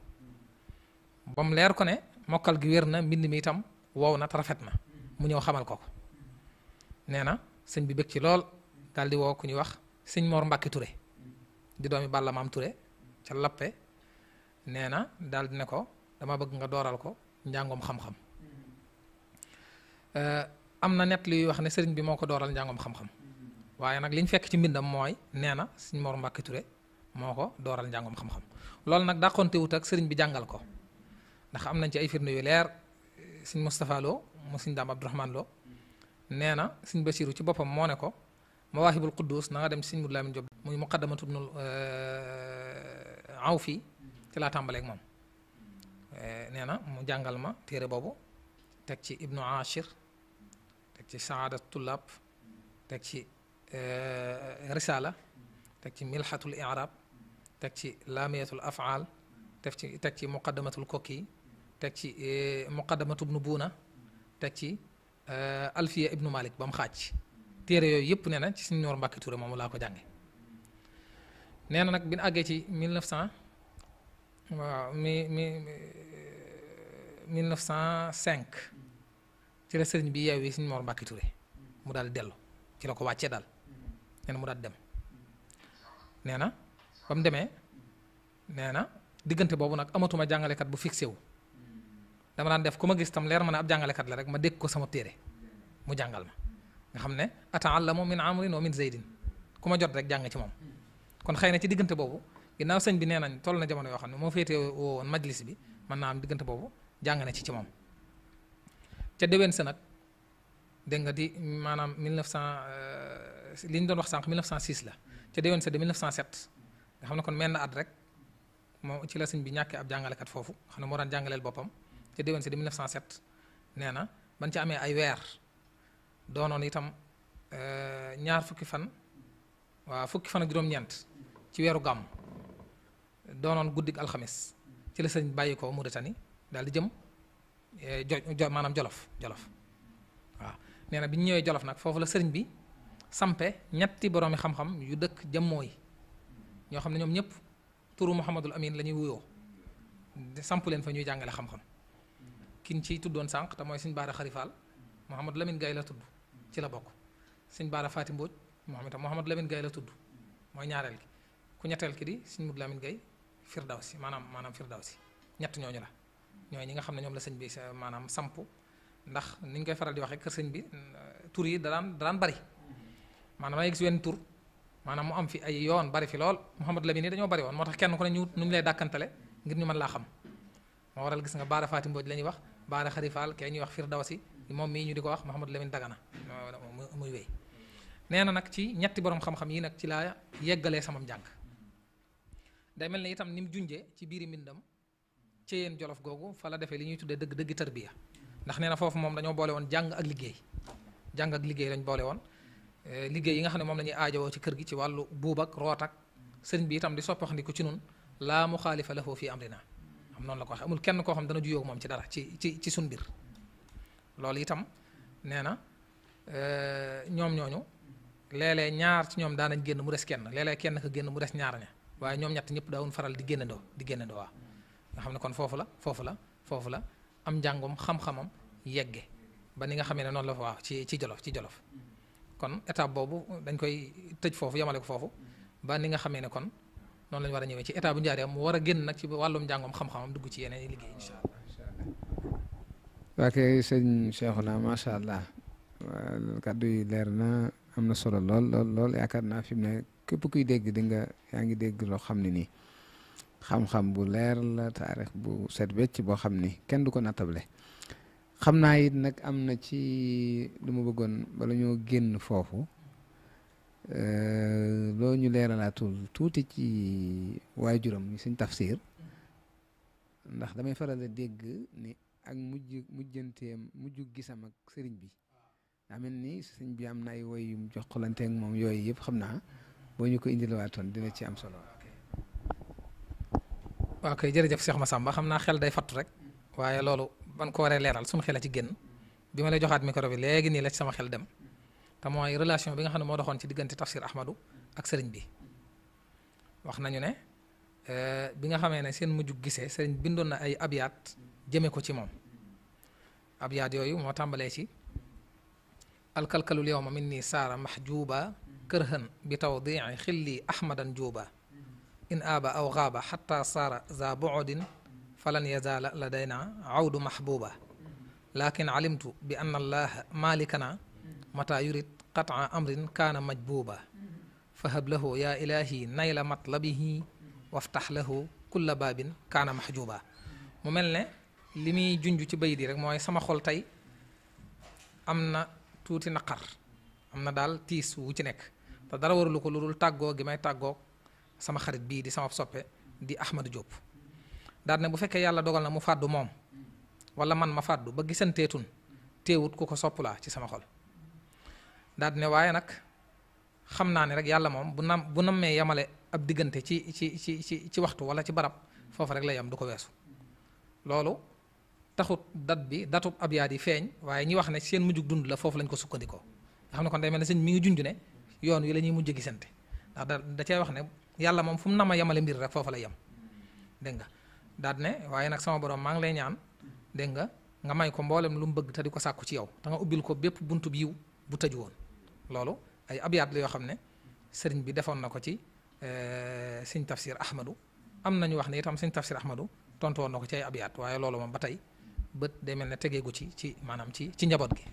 ba mu leer ko ne mokkal gi wér na mbind mi itam wow na te rafet na mu ñëw xamal ko ko nee na sëñ bi bëgg ci lool daal di woo ku ñuy wax sëñ Mor Mbacke Touré di doomi Balla Maam Touré ca Lappe nee na ne ko. dama bëgg nga dooral ko njàngoom xam-xam eh, am na nett luy wax ne sëriñ bi moo ko dooral njàngoom xam-xam waaye nag liñ fekk ci mbindam mooy nee na sëñ Mor Mbàkke moo ko dooral njàngoom xam loolu nag dàqonte wut ak sëriñ bi jàngal ko ndax am nañ ci ay firnde yu leer sëñ Moustapha Lo mu sëñ Daam Abdourahmane Lo nee na sëñ Basiiru ci boppam moo ne ko Mawaahibul Quddus na nga dem sëñ Modu Lamin Jóob muy muqaddamatu Ibnul eh, Awfi ci laa tàmbaleeg moom Eh, nee na mu jàngal ma téere boobu teg ci ibnu achir teg ci saadat tullaab teg ci eh, risala teg ci milhatul i'rab teg ci laamiyatul afaal teg ci teg ci muqaddamatul kokki teg ci eh, muqaddamatu ibnu buuna teg ci alfiya ibnu malik ba mu xaaj téere yooyu yëpp nee na ci suñu ñoor mbàkki Touré moomu laa ko jànge nee nag bi ñu àggee ci 1900 waaw mi mi 1905 ci la sëriñ bi yeewi Sëriñ Mor Mbàkke Touré mu daal dellu ci la ko wàccee daal nee mu daal dem nee na ba mu demee nee na diggante boobu nag amatuma jàngalekat bu fixé wu dama daan def ku ma gis tam leer ma ne ab jàngalekat la rek ma dégg ko sama téere mu jàngal ma nga xam ne ataallamu min amrin wa min zeydin ku ma jot rek jàng ci moom kon xëy na ci diggante boobu ginnaaw sëñ bi nee nañ toll na jamono yoo xam ne moo féete woon majlis bi mën naa am diggante boobu jàng na ci ci moom ca déwén sa nag dégg nga di maanaam 1900 euh, li ñu doon wax sànq 1906 la ca déwén sa de 1907 nga xam ne kon menn at rek moo ci la sëñ bi ñàkkee ab jàngalekat foofu xam ne moo daan jàngaleel boppam ca déwén sa de 1907 nee na ban ci amee ay weer doonoon itam euh, ñaar fukki fan waa fukki fan ak juróom-ñeent ci weeru gàmm doonoon guddik alxames ci la sëñ bàyyi ko Mauritanie daal di jëm eh, jo maanaam jolof jolof waaw nee na bi ñu ñëwee jolof nag foofu la sëriñ bi sampe ñetti boroomi xam-xam yu dëkk jëmmoo ñoo xam ne ñoom ñëpp turu Mouhamadul Amin la ñuy wuyoo samp leen fa ñuy jàngale xam-xam kin ci tuddoon sànq te mooy sëñ Baara Xarifaal Mouhamadou Lamine Gaye la tudd ci la bokk sëñ Baara Faati Mbóoj Mouhamadou Lamine Gaye la tudd mooy ñaareel ki ku ñetteel ki di sëñ Mouhamadou Lamine Gaye firdawsi maanaam maanaam firdawsi ñett ñooñu la ñooy ñi nga xam ne ñoom la sëñ bi maanaam samp ndax ni ñu koy faral di waxee kër sëñ bi euh, tur yi dadaan dadaan bari maanaam da ngay gis wenn tur maanaam mu am fi ay yoon bari fi lool Mouhamadou Lamine dañoo bari woon moo tax kenn ko ne ñu nu ñu lay dàkkantale ngir ñu mën laa xam moo waral gis nga Baara Faati Mbooj la ñuy wax Baara Xarifaal kee ñuy wax Firdawsi moom mii ñu di ko wax Mouhamadou Lamine Dagana muy wéy nee na nag ci ñetti borom xam yi nag ci laa yeggalee samam njàng day mel ne itam ni mu junjee ci biiri mbindam ci yéen jolof googu fa la defee li ñuy tuddee dëgg dëgg tarbiya ndax nee na foofu moom dañoo boole woon jàng ak liggéey jàng ak liggéey lañ boole woon eh, liggéey yi nga xam ne moom la ñuy ci kër gi ci wàllu buub ak root ak sëriñ bi itam di soppaxandiku ci nun laa mu xaalifa la foo fii amrina am noonu la ko waxee amul kenn koo xam dana juyoo moom ci dara ci ci ci sun biir loolu itam nee na eh, ñoom ñooñu léeg-léeg ñaar ci ñoom daanañ génn mu des kenn léeg kenn ka génn mu des ñaar ña waaye ñoom ñett ñëpp daawun faral di génnandoo di génnandoo waa nga xam ne kon foofu la foofu la foofu la am njàngum xam-xamam yegge ba ni nga xamee ne noonu la fa waaw ci ci jolof ci jolof kon étape boobu dañ koy tëj foofu yamale ko foofu ba ni nga xamee ne kon noonu la war a ñëwee ci état bu njaareem mu war a génn nag ci wàllum njàngom xam-xamam dugg ci yeneen i liggéey incha allah. waa kay sëñ Cheikhouna macha allah kàddu yi leer na am na solo lool lool yaakaar naa fi mu ne képp kuy dégg dinga nga yaa ngi dégg loo xam ne nii xam-xam bu leer la taarix bu set wecc boo xam ni kenn du ko nattable xam naa it nag am na ci lu ma bëggoon bala ñoo génn foofu euh, loo ñu leeralaatul tuuti ci waajuram ñu suñ tafsir ndax damay faral dégg ni ak mujj mujjanteem mujj gisam ak sëriñ bi daa mel ni sëriñ bi am na ay woy yu moom yooyu yëpp xam naa boo ñu ko indilewaatoon dina ci am solo. waaw kay jërëjëf Cheikh Massamba xam naa xel day fattu rek waaye loolu ban ko waree leeral suñu xel a ci génn bi ma lay joxaat micro bi léegi nii la sama xel dem te mooy bi nga xam ne moo doxoon ci diggante Tafsir Ahmadou ak sëriñ bi wax nañu ne euh, bi nga xamee ne seen mujjug gisee sëriñ bindoon na ay abyaat jëme ko ci moom abyaat yooyu moo tàmbalee ci alkalkalul yawma minni saara mahjuba kërhan bi tawdii xilli ahmadan juuba in aaba aw xaaba xatta saara za boodin falan yazaala ladayna awdu mahbuuba lakin alimtu bi anna allaha malikana mata yurid qataa amrin kaana majbuuba fahab lahu yaa ilahi nayla matlabihi waftax lahu kulla baabin kaana mahjuuba mu mel ne li muy junj ci bayit yi rek mooy sama xol tey am na tuuti naqar am na daal tiis wu ci nekk te dara waralu ko lu dul tàggoo gi may tàggoo sama xarit bii di sama soppe di Ahmadou Diop daal ne bu fekkee yàlla dogal na mu fàddu moom wala man ma fàddu ba gisanteetun teewut ku ko soppulaa ci sama xol daal ne waaye nag xam naa ne rek yàlla moom bu nam bu nammee yemale ab diggante ci ci ci ci ci waxtu wala ci barab foofu rek la yam du ko weesu loolu taxut dat bi datub ab yaat yi feeñ waaye ñi wax ne seen mujjug dund la foofu lañ ko sukkandikoo xam ne kon day mel ne sëñ mi ngi junj ne yoon wi la ñuy mujj gisante ndax da da cee wax ne yàlla moom fu mu nama yemale mbir rek foofu la yem dégg nga daal ne waaye nag sama borom maa ngi lay ñaan dégg nga nga may ko mboolem lu mu bëgg te di ko sàkku ci yow te nga ubbil ko bépp buntu bi yiw bu tëju woon loolu ay abyaat la yoo xam ne sëriñ bi defoon na ko ci eh, sëñ tafsir ahmadu am na nañu wax ne itam sëñ tafsir ahmadu tontu woon na ko ci ay abyaat waaye loolu moom ba tey bët day mel ne tegeegu ci ci maanaam ci ci njaboot gi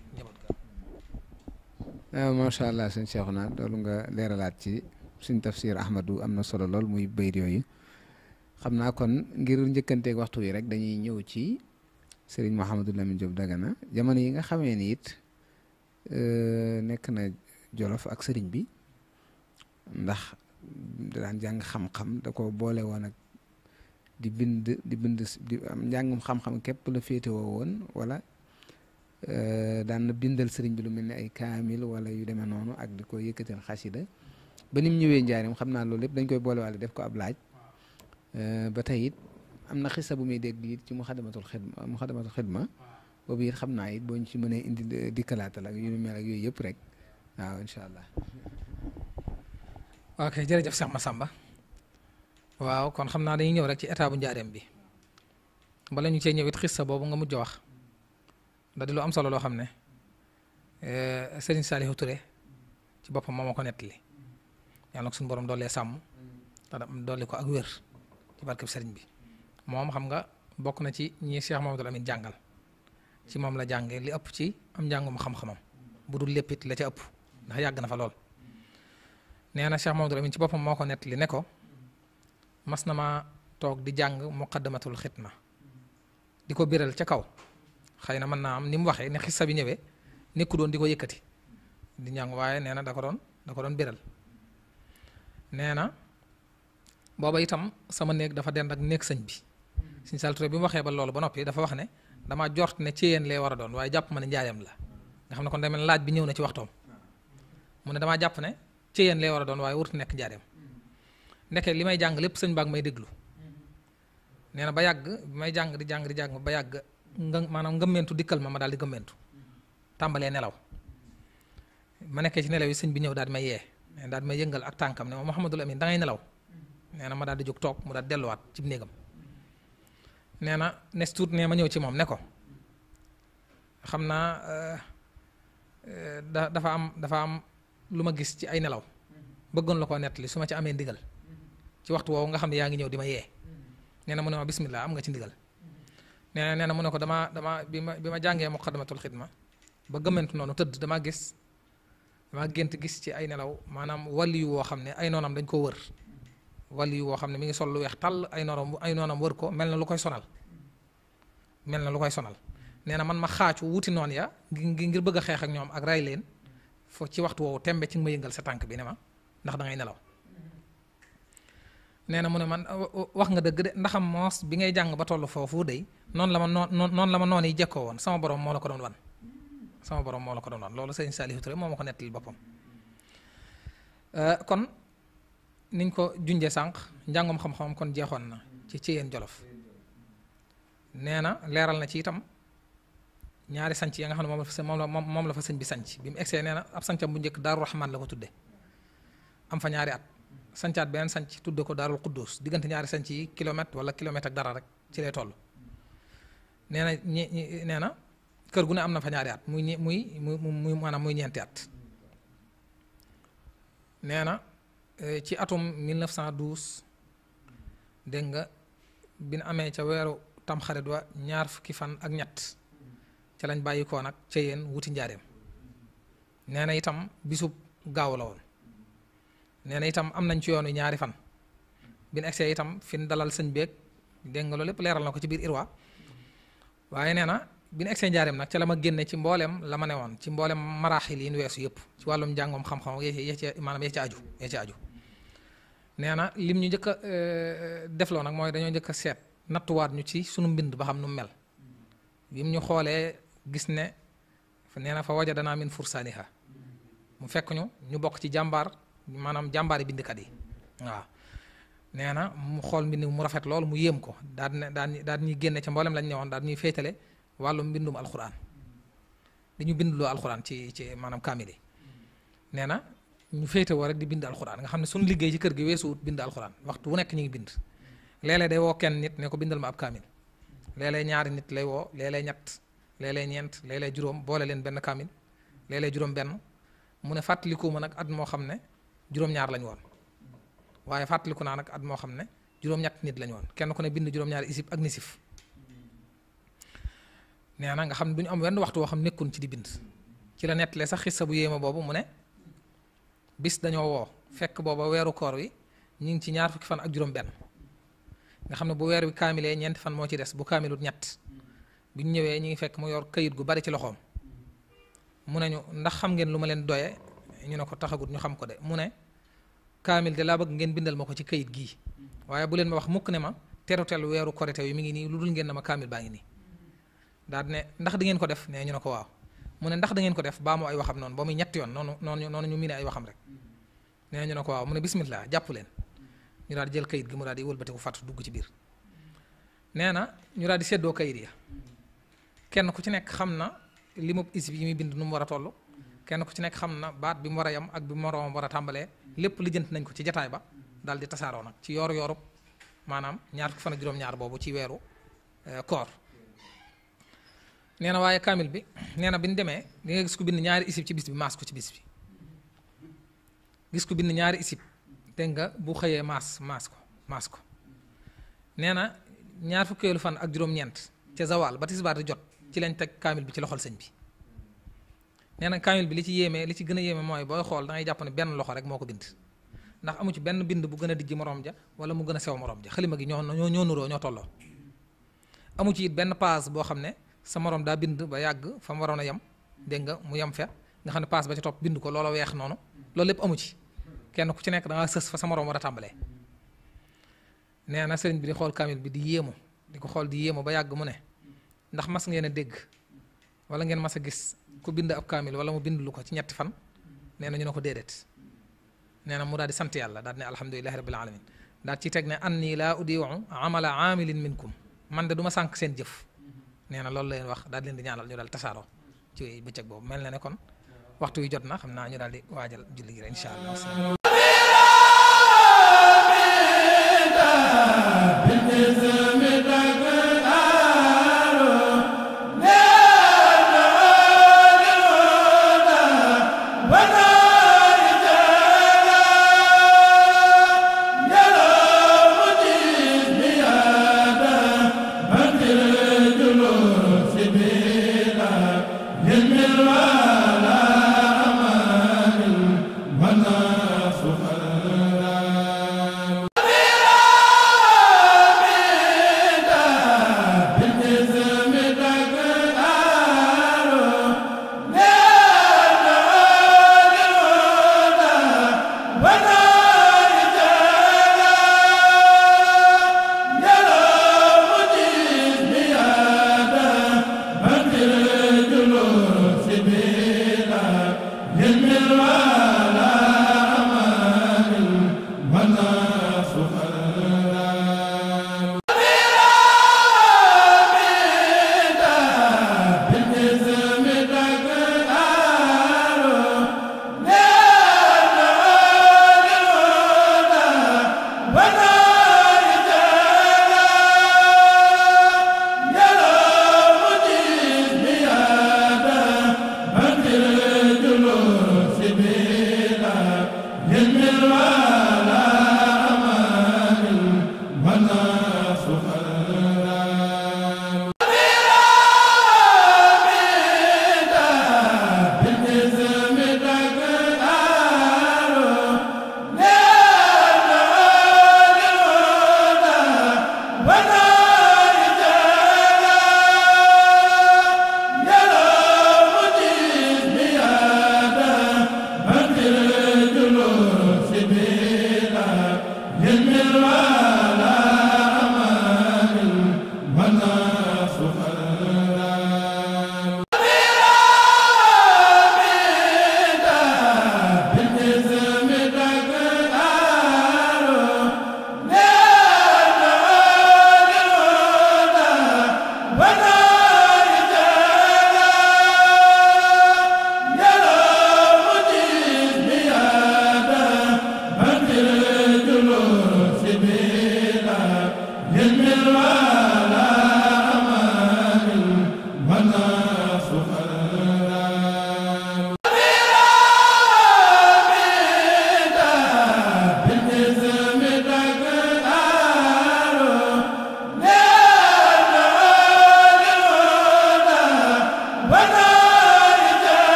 Eh, macha allah sëñ Cheikhouna loolu nga leeralaat ci suñ tafsir Ahmadu am na solo lool muy bayit yooyu xam naa kon ngir njëkkanteeg waxtu wi rek dañuy ñëw ci sëriñ Mouhamadou Lamine Diop Dagana jamono yi nga xamee ni it eh, nekk na jolof ak sëriñ bi ndax daan jàng xam-xam da ko boole woon ak di bind di bind di njàngum xam-xam képp la féetewoo woon wala. Euh, daan na bindal sëriñ bi lu mel ni ay kaamil wala yu demee noonu ak di ko yëkkatil xasida ba nim ñëwee njaarim xam naa loolu lépp dañ koy boolewaale def ko ab laaj euh, ba tey it am na xisa bu muy dégg it ci muxadamatul xidma muxadamatul xidma boobu it xam naa it boo ñu ci mënee indi dikkalaatal ak yu mel ak yooyu yëpp rek waaw incha allah. ok jërëjëf Cheikh Massamba waaw kon xam naa dañuy ñëw rek ci état bu njaareem bi bala ñu cee ñëw it xisa boobu nga mujj wax. da di lu am solo loo xam ne eh, Serigne Saliou Touré ci boppam moom ma ko nettali yàlla nag suñu borom doolee sàmm te ko ak wér ci barkeb Serigne bi moom xam nga bokk na ci ñi Cheikh Mamadou Lamine jàngal ci moom la jàngee li ëpp ci am njàngum xam-xamam bu dul lépp la ca ëpp ndax yàgg na fa lool nee na Cheikh Mamadou Lamine ci boppam moo ko nettali ne ko mas na ma toog di jàng muqaddamatul xitma di ko biral ca kaw. xëy na mën naa am ni mu waxee ne xissa bi ñëwee nekku doon di ko yëkkati di ñàng waaye nee na da ko doon da ko doon biral nee na booba itam sama néeg dafa dend ak néeg sëñ bi sëñ Saliou bi mu waxee ba loolu ba noppi dafa wax ne damaa jort ne ci yéen lay war a doon waaye jàpp ma ne njaayam la nga xam ne kon demel laaj bi ñëw na ci waxtoom mu ne damaa jàpp ne ci yéen lay war a doon waaye wurtu nekk njaareem ndeke li may jàng lépp sëñ baag may déglu nee ba yàgg may di jàng di jàng yàgg nga maanaam ngëmmentu dikkal ma ma daal di tàmbalee nelaw ma nekkee ci nelaw yi sëñ bi ñëw daal di may yee daal ak tànkam ne ma da ngay nelaw ma daal di jóg toog mu daal delluwaat ci néegam nee na nes tuut ma ñëw ci moom ne naa eh, eh, da dafa am dafa am lu ma gis ci ay nelaw bëggoon koo nettali su ma ci amee ndigal woowu nga xam ne yaa ngi ñëw di ma yee nee na mu ne ma bismillah am nga ci ndigal nee na nee na mu ne ko dama dama bi ma bi ma jàngee muqaddamatul xidma ba gëmmentu noonu tëdd dama gis damaa gént gis ci ay nelaw maanaam waliyu woo xam ne ay noonam dañ ko wër waliyu woo xam ne mi ngi sol lu weex tàll ay noonam ay noonam wër ko mel na lu koy sonal mel na lu koy sonal nee na man ma xaacu wuti noon ya ngi ngir bëgg a xeex ak ñoom ak ray leen foofu ci waxtu woowu tembe ci ma yëngal sa tànk bi ne ma ndax da nelaw nee na mu ne man wax nga dëgg de ndaxam bi ngay jàng ba toll foofu day noonu la ma noon noonu la ma noon yi jekkoo borom moo la ko doon wan borom moo la ko doon wan loolu sëñ Saliou moo ma ko nettali euh, kon niñ ko junjee sànq njàngum xam kon jeexoon na ci ci yéen jolof nee na leeral na ci itam ñaari sanc ya nga xam ne moom la fa moom la moom la fa sëñ bi sanc bi mu egsee nee na ab sancam bu njëkk Daaru Rahman la ko tudde am fa ñaari at sancaat beneen sanc tudd ko daarul quddus diggante ñaari sanc yi kilomètre wala kilomètre ak dara rek ci lay toll nee na ñi nee na kër gu ne am na fa ñaari at muy ñi muy muy maanaam muy ñeenti at nee na eh, ci atum 1912 dégg nga bi nu amee ca weeru tamxarit wa ñaar fukki fan ak ñett ca lañ bàyyikoo nag ca yéen wuti njaareem nee na itam bisub gaaw la woon nee na itam am nañ ci yoonu ñaari fan bi nu egsee itam fi nu dalal sëñ beeg dégg nga loolu lépp leeral na ko ci biir Irwa waaye nee na bi nu egsee njaareem nag ca la ma génne ci mbooleem la ma ne woon ci mboolem maraaxil yi weesu yëpp ci wàllum njàngoom xam-xam yee ci maanaam yee aju yee aju nee na lim ñu njëkk a eh, defloo nag mooy dañoo njëkk a seet nattuwaat ñu ci sunu mbind ba xam nu mel bim ñu xoolee gis ne nee na fa waja danaa min fursaaniha mu fekk ñu ñu bokk ci jàmbaar. maanaam bind kat yi waaw nee na mu xool mbind mu rafet loolu mu yéem ko daal ne daal ñuy génne ca mboolem lañ ñëwoon daal ñuy féetale wàllum mbindum alxuraan dañu bind loo alxuraan ci ci maanaam kaamil yi nee na ñu féetewoo rek di bind alxuraan nga xam ne suñu liggéey ci kër gi weesuwut bind alxuraan waxtu wu nekk ñu ngi bind léeg-léeg day woo kenn nit ne ko bindal ma ab kaamil léeg-léeg ñaari nit lay woo léeg-léeg ñett léeg ñeent léeg-léeg juróom boole leen benn kaamil léeg juróom benn mu ne fàttalikuma nag at moo xam ne juróom-ñaar lañu woon waaye fàttaliku naa nag at moo xam ne juróom-ñett nit lañ woon kenn ku ne bind juróom-ñaari isib ak nisif nee na nga xam ne du ñu am wenn waxtu woo xam nekkuñ ci di bind ci la nett nettalee sax xissa bu yéema boobu mu ne bis dañoo woo fekk booba weeru koor wi ñu ngi ci ñaar fukki fan ak juróom-benn nga xam ne bu weer wi kaamilee ñeenti fan moo ci des bu kaamilut ñett bu ñu ñëwee ñu ngi fekk mu yor kayit gu bari ci loxoom mu nañu ndax xam ngeen lu ma leen doye ñu ne ko taxagut ñu xam ko de mu ne kaamil de laa bëgg ngeen bindal ma ko ci kayit gii waaye bu leen ma wax mukk ne ma terutel weeru korite yi mi ngi nii lu dul ngeen ne ma kaamil baa ngi nii daal ne ndax da ngeen ko def nee ñu ne ko waaw mu ne ndax da ngeen ko def baa moo ay waxam noonu ba muy yoon noonu noonu noonu ñu miine ay waxam rek nee ñu ne ko waaw bismillah jàpp leen ñu daal di jël kayit gi mu daal di wëlbatiku fàtt dugg ci biir nee na ñu daal di seddoo kayit ya kenn ku ci nekk xam na li mu isib yi muy bind nu mu war a toll kenn ko ci nekk xam na baat bi mu war a yam ak bi moroomam war a tàmbalee lépp lijjanti nañ ko ci jataay ba daal di tasaaroo nag ci yoor yoorub maanaam ñaar fukki fan ak juróom boobu ci weeru euh, koor nee na waaye kaamil bi nee na bi ñu demee di nga ñaari isib ci bis bi maas ko ci bis bi gis ku ñaari isib dégg nga bu xëyee maas maas ko maas ko nee na ñaar fukkeelu fan ak juróom-ñeent ca zawal ba tisbaar di jot ci lañ teg kaamil bi ci loxol sëñ bi nee na kaamil bi li ci yéeme li ci gën a yéeme mooy booy xool da ngay jàpp ne benn loxo rek moo ko bind ndax amu ci benn bind bu gën a dijji moroom ja wala mu gën a sew moroom ja xalima gi ñoo ñoo ñoo nuroo ñoo tolloo amu ci it benn paas boo xam ne sa morom daa bind ba yàgg fa mu waroon a yem dégg nga mu yem fe nga xam ne paas ba ca topp bind ko loola weex noonu loolu lépp amu ci kenn ku ci nekk da sës fa sa moroom war a tàmbalee nee na sëriñ bi di xool kaamil bi di yéemu di ko xool di yéemu ba yàgg mu ne ndax mas ngeen a dégg wala ngeen mas a gis ku bind ab kaamil wala mu bind lu ko ci ñetti fan nee na ñu ne ko déedéet nee na mu daal di sant yàlla daal di ne alamin daal ci teg ne anni laa udiu amala amilin minkum man de du seen jëf nee na loolu la leen wax daal di leen di ñaanal ñu daal tasaaroo ci bëccëg boobu mel na ne kon waxtu wi jot na xam naa ñu daal di waajal julli gi rek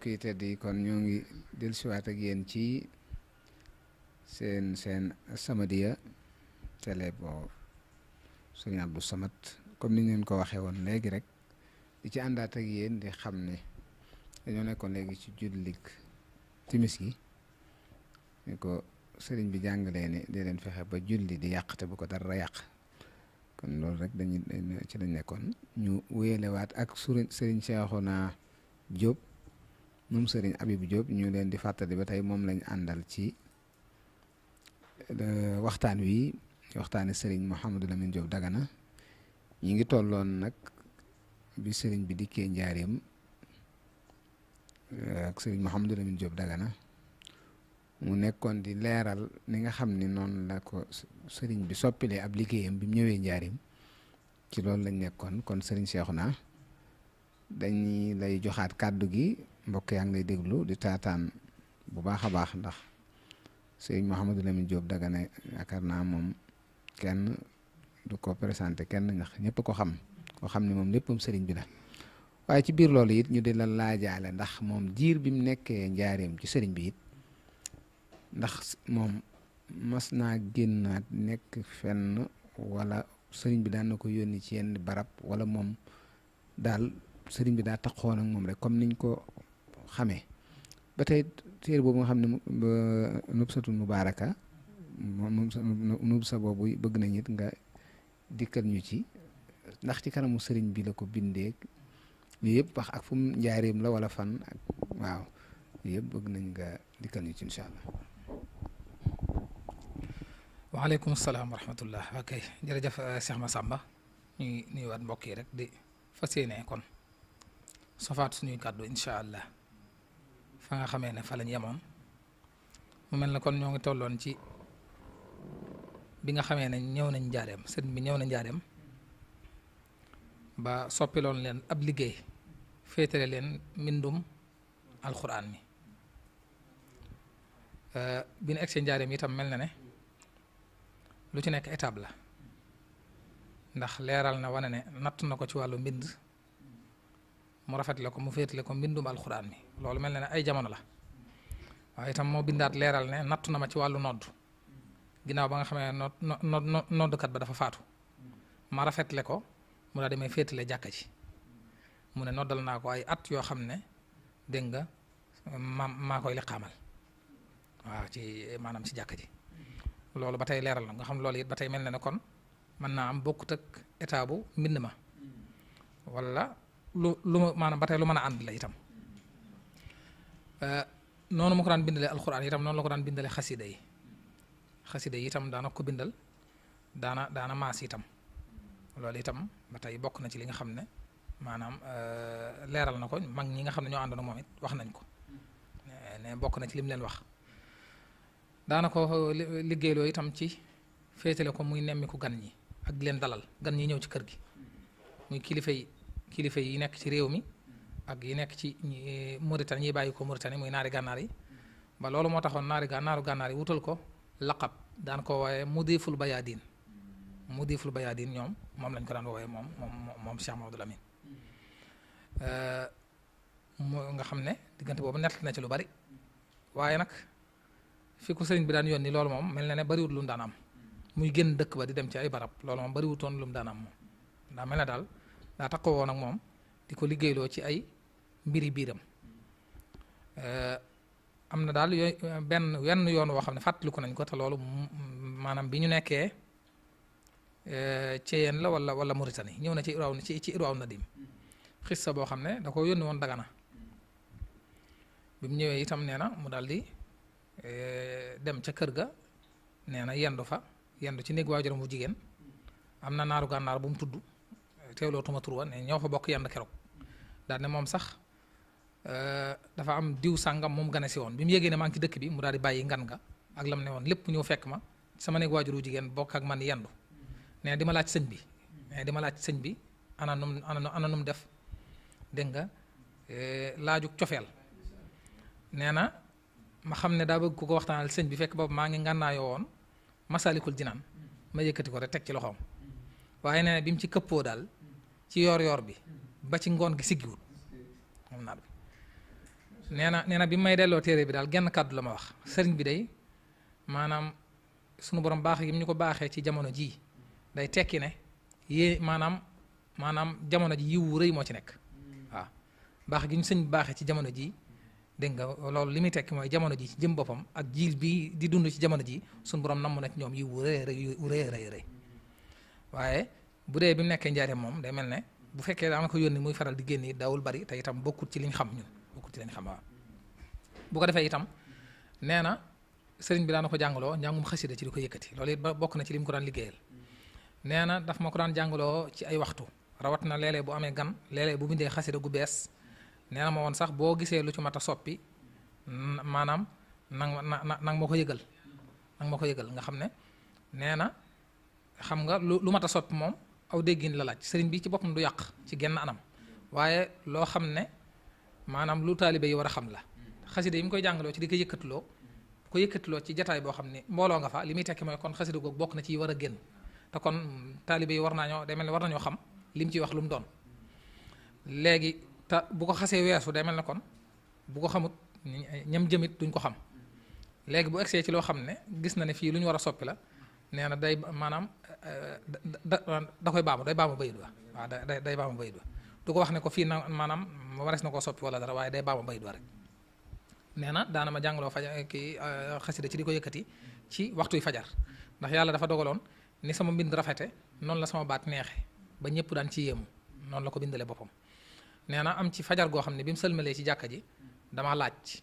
mbokk yi kon ñoo ngi dellusiwaat ak yéen ci seen seen Samadiyya télé bo sëñ Abdou Samad comme ni ngeen ko waxee woon léegi rek di ci àndaat ak yéen di xam ne dañoo nekkoon léegi ci jullik timis yi ñu ko sëriñ bi jàngalee ni di leen fexe ba julli di yàq te bu ko dara yàq kon loolu rek dañuy ci lañ nekkoon ñu wéyalewaat ak sëriñ Cheikhouna Diop moom sëriñ Abibu Diop ñu leen di fàttali ba tey moom lañ àndal ci euh, waxtaan wi waxtaani sëriñ Mouhamadou Lamine Diop Dagana ñi ngi tolloon nag sëriñ bi dikkee njaareem euh, ak sëriñ Mouhamadou Lamine Diop Dagana mu nekkoon di leeral ni nga xam ni noon la ko sëriñ bi soppilee ab liggéeyam bi mu ñëwee njaarim ci loolu lañ nekkoon kon sëriñ naa dañuy lay joxaat kàddu gi mbokk yaa ngi lay déglu di taataan bu baax a baax ndax sëñ Mouhamadou Lamine Diop Dagana yaakaar naa moom kenn du ko présenté kenn ñax ñëpp ko xam ko xam ne moom léppam sëriñ bi la waaye ci biir loolu it ñu di la laajaale ndax moom jiir bi mu nekkee njaareem ci sëriñ bi it ndax moom mas naa génnaat nekk fenn wala sëriñ bi daan na ko yónni ci yenn barab wala moom daal sëriñ bi daa taxoon ak moom rek comme niñ ko xamee ba tey téere boobu nga xam ne nubsatul mubaaraka nub sa boobu bëgg nañ it nga dikkal ñu ci ndax ci kanamu sëriñ bi la ko bindee lii yëpp wax ak fum mu la wala fan ak waaw lii yëpp bëgg nañ nga dikkal ñu ci incha allah. waaleykum salaam wa rahmatullah ok jërëjëf euh, Cheikh Massamba ñuy nuyuwaat mbokk yi rek di fas yéene kon sofaat suñuy kàddu incha allah. fa nga xamee ne fa lañ yemoon mu mel na kon ñoo ngi tolloon ci bi nga xamee ne ñëw nañ njaareem sëriñ bi ñëw na njaareem ba soppiloon leen ab liggéey féetale leen mbindum alxuraan mi euh, bi nu egsee njaareem itam mel na ne lu ci nekk étape la ndax leeral na wane ne natt na ko ci wàllu mbind mu rafet la ko mu féetale ko mbindum alxuraan mi loolu mel na ne ay jamono la waaye itam moo bindaat leeral ne nattu na ma ci wàllu nodd ginnaaw ba nga xamee nodd nodd noddkat ba dafa faatu ma rafetle ko mu daal di féetale jàkka ji mu ne noddal naa ko ay at yoo xam ne dégg nga ma maa koy liqaamal waaw ci maanaam ci jàkka ji loolu ba tey leeral na nga xam loolu it ba tey mel na ne kon mën naa am bokkut ak état mbind ma wala lu lu maanaam ba tey lu mën a ànd la itam euh, noonu ma ko daan bindalee alxuraan itam noonu la ko daan bindalee xasida yi xasida yi itam daana ko bindal daana daana maas itam loolu itam ba tey bokk na ci li nga xam ne maanaam euh, leeral na ko mag ñi nga xam ne ñoo àndoon moom wax nañ ko ne bokk na ci lim leen wax daana ko euh, loo itam ci féetale ko muy nemmiku gan ñi ak leen dalal gan ñi ñëw ci kër gi muy kilifa yi kilifa yi nekk ci réew mi ak yi nekk ci Mauritanie ñiy bàyyi ko Mauritanie muy naari gànnaar yi ba loolu moo taxoon naari gànnaaru gànnaar yi wutal ko laqab daan ko mu mudiful bayaadin mudiful bayaadin ñoom moom lañ ko daan wooyee moom moom moom Cheikh Mamadou Lamine euh, mu nga xam ne diggante boobu nett na ci lu bari waaye nag fi ko sëriñ bi daan yónni loolu moom mel na ne bariwut lu daan am muy génn dëkk ba di dem ci ay barab loolu moom bariwutoon lu daa takkoo woon ak moom di ko liggéeyloo ci ay mbiri biiram eh, am na daal yooyu benn wenn yoon woo xam ne fàttaliku nañ ko te loolu maanaam bi ñu nekkee eh, Ceyeen la wala wala Mauritanie ñëw na ci irwaaw ci ci irwaaw Nadim xissa boo xam ne da ko yónni woon Dagana bi mu ñëwee itam nee na mu daal di eh, dem ca kër ga nee na yendu fa yendu ci néeg waajuram bu jigéen am na naaru gànnaar bu mu tudd teewlootuma tur wa ne ñoo fa bokk yenn keroog daal moom sax euh, dafa am diw sàngam moom gane si woon bi mu yégee ne maa ngi dëkk bi mu daal di bàyyi ngan nga ak lam ne woon lépp ñëw fekk ma sama néeg waajuru jigéen bokk ak man yendu nee di ma laaj sëñ bi nee di laaj sëñ bi ana num ana num def dégg nga euh, laajug cofeel nee na ma xam ne daa bëgg ku ko waxtaanal sëñ bi fekk boobu maa ngi ngànnaayoo woon masalikul jinaan ma yëkkati ko rek teg ci loxoom waaye nee na ci këppoo ci yor-yor bi ba ci ngoon gi siggiwul moom naar bi nee na nee na bi may delloo téere bi daal genn kàddu la ma wax sëriñ bi day maanaam sunu borom baax yi ñu ko baaxee ci jamono jii day tekki ne yée maanaam maanaam jamono ji yiwu rëy moo ci nekk baax gi ñu sëñ baaxee ci jamono jii dégg nga loolu li muy tekki mooy jamono ji ci jëm boppam ak jiil bi di dund ci jamono ji sunu borom namm na ci ñoom yiwu rëy rëy rëy rëy waaye. bu dee bi mu nekkee njaareem moom day mel ne bu fekkee daana ko yónni muy faral di génn yi daawul bari te itam bokkut ci liñ xam ñun bokkut ci liñ xam waaw bu ko defee itam nee na sëriñ bi daana ko jàngaloo njàngum xasida ci di ko yëkkati loolu bokk na ci li mu ko daan nee na daf ma ko daan jàngaloo ci ay waxtu rawat na léeg-léeg bu amee gan léeg-léeg bu bindee xasida gu bees nee na ma woon sax boo gisee lu ci mat a soppi maanaam nang na na nang ma ko yëgal nang ma ko yëgal nga xam ne nee na xam nga lu lu mat a soppi moom aw déggin la laaj sëriñ bi ci boppam du yàq ci genn anam waaye loo xam ne maanaam lu taalibe yi war a xam la xasida yi mu koy jàngaloo ci di ko yëkkatuloo ko yëkkatiloo ci jataay boo xam ne mbooloo nga fa li muy tekki mooy kon xasida googu bokk na ci war a génn te kon taalibe yi war nañoo day mel ne war nañoo xam li mu ciy wax lu mu doon léegi te bu ko xasee weesu de mel ne kon bu ko xamut ñam jëmit duñ ko xam léegi bu egsee ci loo xam ne gis na ne fii lu ñu war a soppi la nee na da da koy baamu day baamu bayit wa waaw day day baamu bayit wa du ko wax ne ko fii na maanaam wares na ko soppi wala dara waaye day baamu bayit wa rek nee na daana ma jàngaloo fajar kii euh, xasida ci di ko yëkkati ci waxtuy fajar ndax yàlla dafa dogaloon ni sama mbind rafete noonu la sama baat neexe ba ñëpp daan ci yéemu noonu la ko bindalee boppam nee na am ci fajar goo xam ne bi mu sëlmalee ci jàkka ji damaa laaj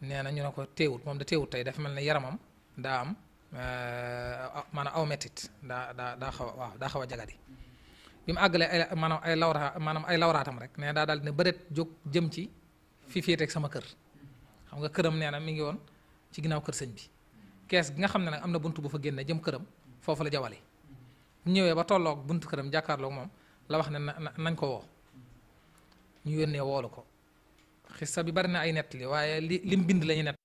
nee na ñu ne ko téewut moom da téewut tey dafa mel ne yaramam daa am Eh, maanaam aw mettit daa daa daa xaw a waaw daa xaw a jagadi bi mu àgg ay maanaam ay lawraa maanaam ay lawraatam rek nee daa daal ne bëreet jóg jëm ci fi féeteeg sama kër xam nga këram nee na mi ngi woon ci ginnaaw kër sëñ bi kees gi nga xam ne nag am na bunt bu fa génne jëm këram foofu la jawali ñëwee ba tolloog bunt këram jàkkaarloog moom la wax ne nañ ko woo ñu yónnee woolu ko xissa bi bari na ay nett li waaye li lim bind lañu ñu nett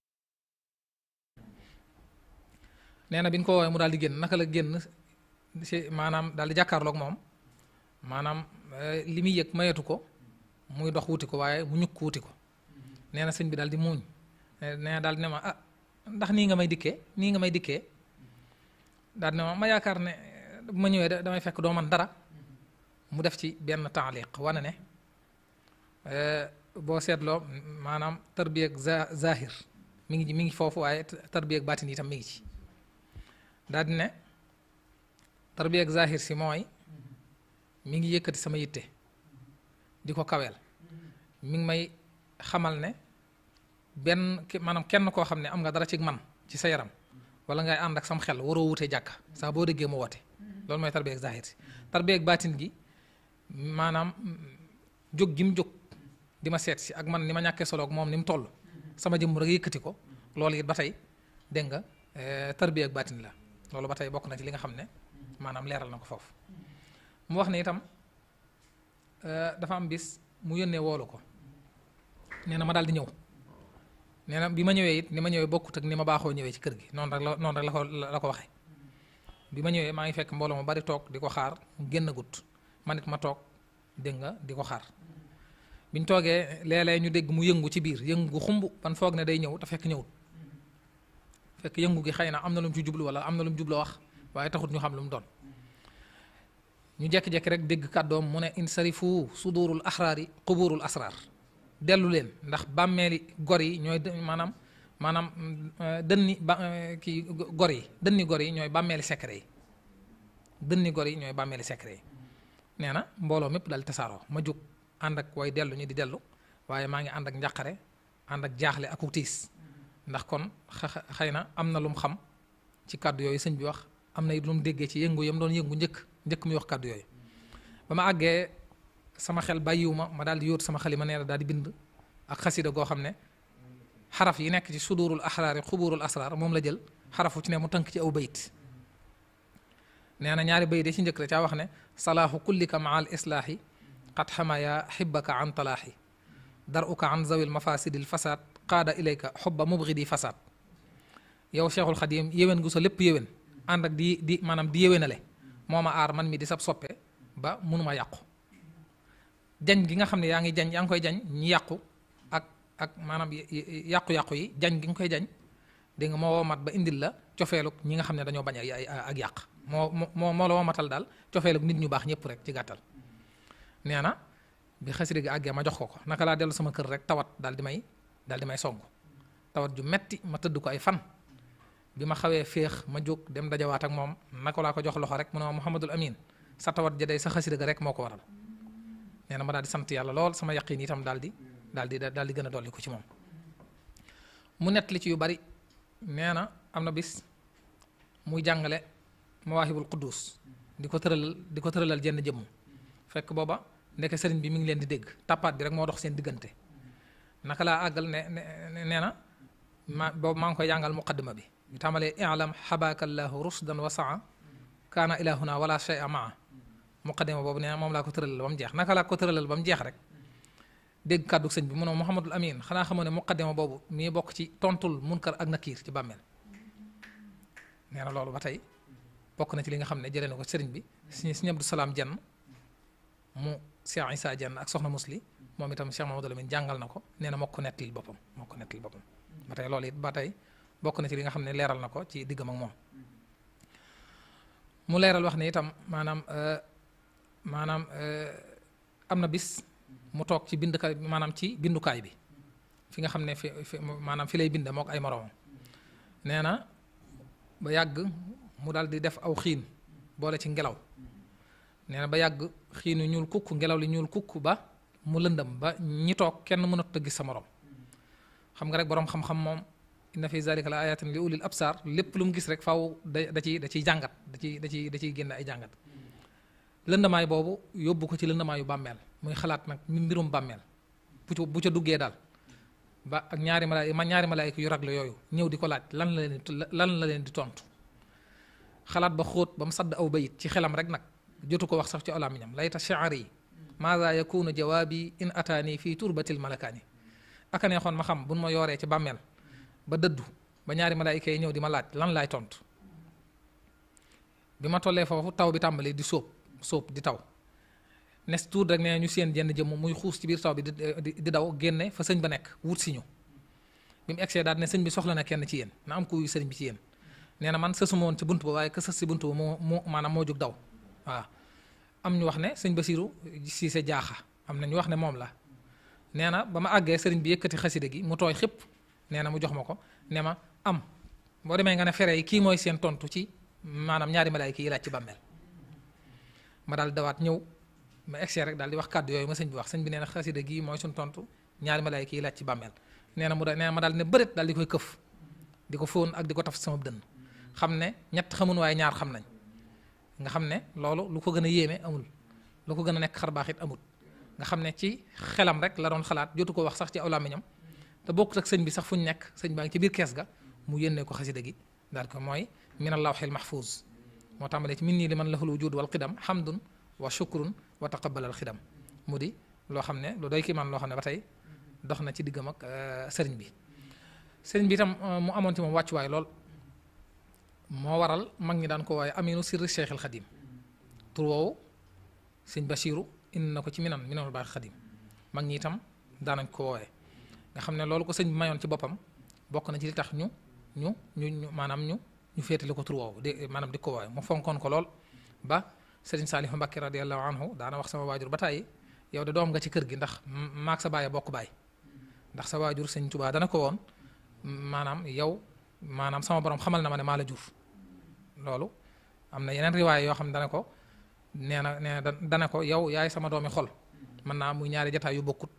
nee na bi ñu ko woowee mu daal di génn naka la génn si maanaam daal di jàkkaarloog moom maanaam eh, li muy yëg mayetu ko muy dox wuti ko waaye mu ñukk wuti ko nee na sëñ bi daal di muuñ nee na ne ma ah ndax nii nga may dikkee nii nga may dikkee daal ne ma ma yaakaar ne ma ñëwee damay fekk doo man dara mu def ci benn temps taaliq wane ne eh, boo seetloo maanaam tarbiya ak zahir mu ngi mu ngi foofu waaye tarbiya ak baatin itam mi ngi ci daal di ne tarbiya ak zahir si mooy mi ngi yëkkati sama yitte di ko kaweel mu ngi may xamal ne benn maanaam kenn koo xam ne am nga dara ci man ci sa yaram wala ngay ànd ak sam xel waroo wutee jàkka sax boo dëggee mu woote loolu mooy tarbiya ak zahir si tarbiya baatin gi maanaam jóg gi mu jóg di ma seet si ak man ni ma ñàkkee solo moom ni mu toll sama jëmm rek yëkkati ko loolu it ba tey dégg nga eh, tarbiya ak baatin la loolu ba tey bokk na ci li nga xam ne maanaam leeral na ko foofu mu wax ne itam euh, dafa am bis mu yónnee woolu ko nee na ma daal di ñëw nee na bi ma ñëwee it ni ma ñëwee bokkut ak ni ma baaxoo ñëwee ci kër gi noon rek la noonu rek la ko la ko waxee bi ma ñëwee maa ngi fekk mbooloo mu bari toog di ko xaar génn gut man ma toog dégg nga di ko xaar biñ toogee léeg ñu dégg mu yëngu ci biir yëngu xumb ban foog ne day ñëw te fekk ñëwut fekk yëngu gi xëy na am na lu mu ci jublu wala am na lu mu jublu wax waaye taxut ñu xam lu mu doon ñu jekki-jekki rek dégg kàddoom mu ne insarifu sudurul axraari quburul asraar dellu leen ndax bàmmeeli gor yi ñooy maanaam maanaam euh, dënni ba euh, kii gor yi dënni gor yi ñooy bàmmeeli secret yi dënni gor yi ñooy bàmmeeli secret yi nee na mbooloo mépp daal tasaaroo ma jóg ànd ak way dellu ñu di dellu waaye maa ngi ànd ak njàqare ànd ak jaaxle ak tiis ndax kon xëy na am na lu mu xam ci kàddu yooyu sëñ bi wax am na it lu déggee ci yëngu yam doon yëngu njëkk njëkk muy wax kàddu yooyu ba ma àggee sama xel bàyyiwu ma ma daal di yóot sama xalima nee na daal di bind ak xasida goo xam ne xaraf yi nekk ci sudurul axraar yi asraar moom la jël xarafu ci ne mu tënk ci aw bayit nee na ñaari bayit yi ci njëkk la ca wax ne salaahu kullika maa al islaahi qad xamaya xibbaka an talaahi daruka an zawil mafasidil fasaad qaada ba xobba di fasaad yow cheikhul xadim yéwén gu sa lépp yéwén ànd ak di di maanaam di yéwénale moo ma aar man mii di sab soppe ba munuma yàqu jañ gi nga xam ne yaa ngi jañ yaa ngi koy jañ ñi yàqu ak ak maanaam yàqu-yàqu yi jañ gi nga koy jañ dégg nga moo woomat ba indil la cofeeluk ñi nga xam ne dañoo bañ ak yàq moo moo moo la woomatal daal cofeeluk nit ñu baax ñëpp rek ci gàttal nee na bi xasida gi àggee ma jox ko ko naka laa dellu sama kër rek tawat daal di may daal di may song tawat ju metti ma tëdd ko ay fan bi ma xawee féex ma jóg dem dajawaat ak moom naka laa ko jox loxo rek mu ne ma Mouhamadul Amin sa tawat ja day sa xasida ga rek moo ko waral nee na ma daal di sant yàlla lool sama yaqin itam daal di daal di daal di gën a dolli ko ci moom. mu nett li ci yu bari nee na am na bis muy jàngale mawaahibul quddus di ko tëralal di ko tëralal jenn jëmm fekk booba ndeke sëriñ bi mi ngi leen di dégg tàppaat bi rek moo dox seen diggante. naka laa àggal ne nee na ma boobu maa ngi koy jàngal muqaddima bi ñu tàmbalee ilam xabaaka llaahu rusdan wa saa kaana ilahuna wala shay'a maa muqaddima boobu nee moom laa ko tëralal ba mu jeex naka laa ko tëralal ba mu jeex rek dégg kàddu sëñ bi mu ne Muhammadul Amin xanaa xamoo ne muqaddima boobu mii bokk ci tontul munkar ak nakiir ci bàmmeel nee loolu ba tey bokk na ci li nga xam ne jëlee na ko sëriñ bi sëñ Abdou Salaam Jenn mu Cheikh Issa Jenn ak soxna Musli moom itam Cheikh Mamadou Lamine jàngal na ko nee na moo ko nettali boppam moo ko nettali boppam ma tey loolu it ba tey bokk na ci li nga xam ne leeral na ko ci diggam ak moom mu leeral wax ne itam maanaam euh, maanaam euh, am na bis mu toog ci bindukaay maanaam ci bindukaay bi fi nga xam ne fi maanaam fi lay binde mook ay moroomam nee na ba yàgg mu daal di def aw xiin boole ci ngelaw nee na ba yàgg xiinu ñuul kukk ngelaw li ñuul kukk ba mu lëndëm ba ñi toog kenn mënatut a gis sa moroom xam nga rek boroom xam-xam moom inna fi zalika la ayatin li ulil absar lépp lu mu gis rek faw da da ciy da ciy jàngat da ciy da ciy da ay jàngat lëndamaay boobu yóbbu ko ci lëndamaayu bàmmeel muy xalaat nag mbirum bàmmeel bu ca bu ca duggee daal ba ak ñaari malaay ma ñaari malaayka yu ragle yooyu ñëw di ko laaj lan la leen lan la leen di tontu xalaat ba xóot ba mu sadd aw bayit ci xelam rek nag jotu ko wax sax ci olaamiñam layta shaari maada yakunu jawaabi in ataani fii turbatil malakaani aka neexoon ma xam bu nu ma yooree ci bàmmeel ba dëddu ba ñaari malaayika yi ñëw di ma laaj lan laay tontu bi ma tollee foofu taw bi tàmbalee di soob soob di taw nes tuur rek nee ñu seen jenn jëmm muy xuus ci biir taw bi di daw génne fa sëñ ba nekk wut si ñu bi mu egsee daal ne sëñ bi soxla na kenn ci yéen na am kuy sëñ bi ci yéen nee na man sësuma woon ci bunt ba waaye ka sës si bunt ba moo moo maanaam moo am ñu wax ne sëñ ba Basiru sa jaaxa am na ñu wax ne moom la nee na ba ma àggee sëriñ bi yëkkati xasida gi mu tooy xépp nee na mu jox ma ko ne ma am boo demee nga ne fere yi kii mooy seen tontu ci maanaam ñaari malaayka yi laaj ci bàmmeel ma daal dawaat ñëw ma egsee rek di wax kàddu yooyu ma sëñ bi wax sëñ bi nee na xasida gii mooy suñ tontu ñaari malaayka yi laaj ci bàmmeel nee mu da nee na ma daal ne bëreet daal di koy këf di ko fóon ak di ko taf sama dënn xam ne ñett xamun waaye ñaar xam nañ nga xam ne loolu lu ko gën a yéeme amul lu ko gën a nekk xar baax it amul nga xam ne ci xelam rek la doon xalaat jotu ko wax sax ci aw làmmiñam te bokkut ak sëñ bi sax fu ñu nekk sëñ baa ngi ci biir kees ga mu yénnee ko xasida gi daal ko mooy min allawxil mahfuz moo tàmbalee ci min nii li man lahul wujud wal qidam hamdun wa shukrun wa taqabalal xidam mu di loo xam ne lu doy ki man loo xam ne ba tey dox na ci diggam ak euh, sëriñ bi sëriñ bi itam euh, mu amoon ci moom wàccuwaay lool moo waral mag ñi daan ko waaye aminu sirri Cheikhul Xadim tur woowu sëñ Bachiru indi na ko ci minan minanul baax Xadim mag ñi itam daanañ ko wooye nga xam ne loolu ko sëñ mayoon ci boppam bokk na ci li tax ñu ñu ñu maanaam ñu ñu féetale ko tur woowu maanaam di ko wooye mu fonkoon ko lool ba sëriñ Saalihu Mbàkke radiyallahu anhu daana wax sama waajur ba tàyyi yow de doom nga ci kër gi ndax maag sa baay bokk baay ndax sa waajur sëñ tubaa dana ko woon maanaam yow maanaam sama borom xamal na ma ne maa la jur loolu am na yeneen riwaay yoo xam ne dana ko nee na nee dana ko yow yaay sama doomi xol mën naa muy ñaari jataay yu bokkut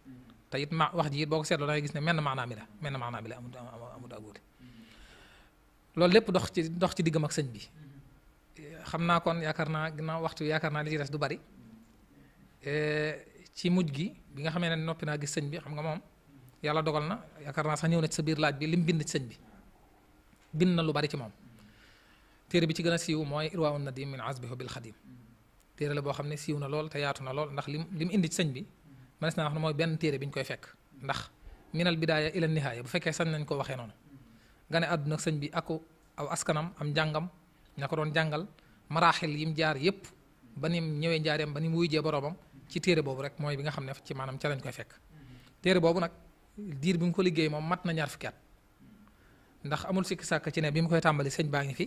te it ma wax ji it boo ko seetloo da gis ne menn maanaa mi la menn maanaa mi la amut amut ak wuute lépp dox ci dox ci diggam ak sëñ bi xam naa kon yaakaar naa ginnaaw waxtu yaakaar naa li des du bari e, ci mujj gi bi nga xamee ne noppi naa gis sëñ bi xam nga moom yàlla dogal na yaakaar naa sax ñëw na sa biir laaj bi lim bind ci sëñ bi bind na lu bari ci moom téere bi ci gën a siiw mooy irwaa un nadim min azbihi bil xadim téere la boo xam ne siiw na lool te yaatu na lool ndax lim lim indi ci sëñ bi mënees naa wax ne mooy benn téere bi ñu koy fekk ndax minal bidaaya ila nihaaya bu fekkee sañ nañ koo waxee noonu nga ne àdduna sëñ bi aku aw askanam am njàngam ña ko doon jàngal maraaxil yim jaar yépp ba ni mu ñëwee ba ni mu wuyjee boroomam ci téere boobu rek mooy bi nga xam ne ci maanaam ca lañ koy fekk téere boobu nag diir bi mu ko liggéey moom mat na ñaar fukki at ndax amul sikki sàkk ci ne bi mu koy tàmbali sëñ baa ngi fi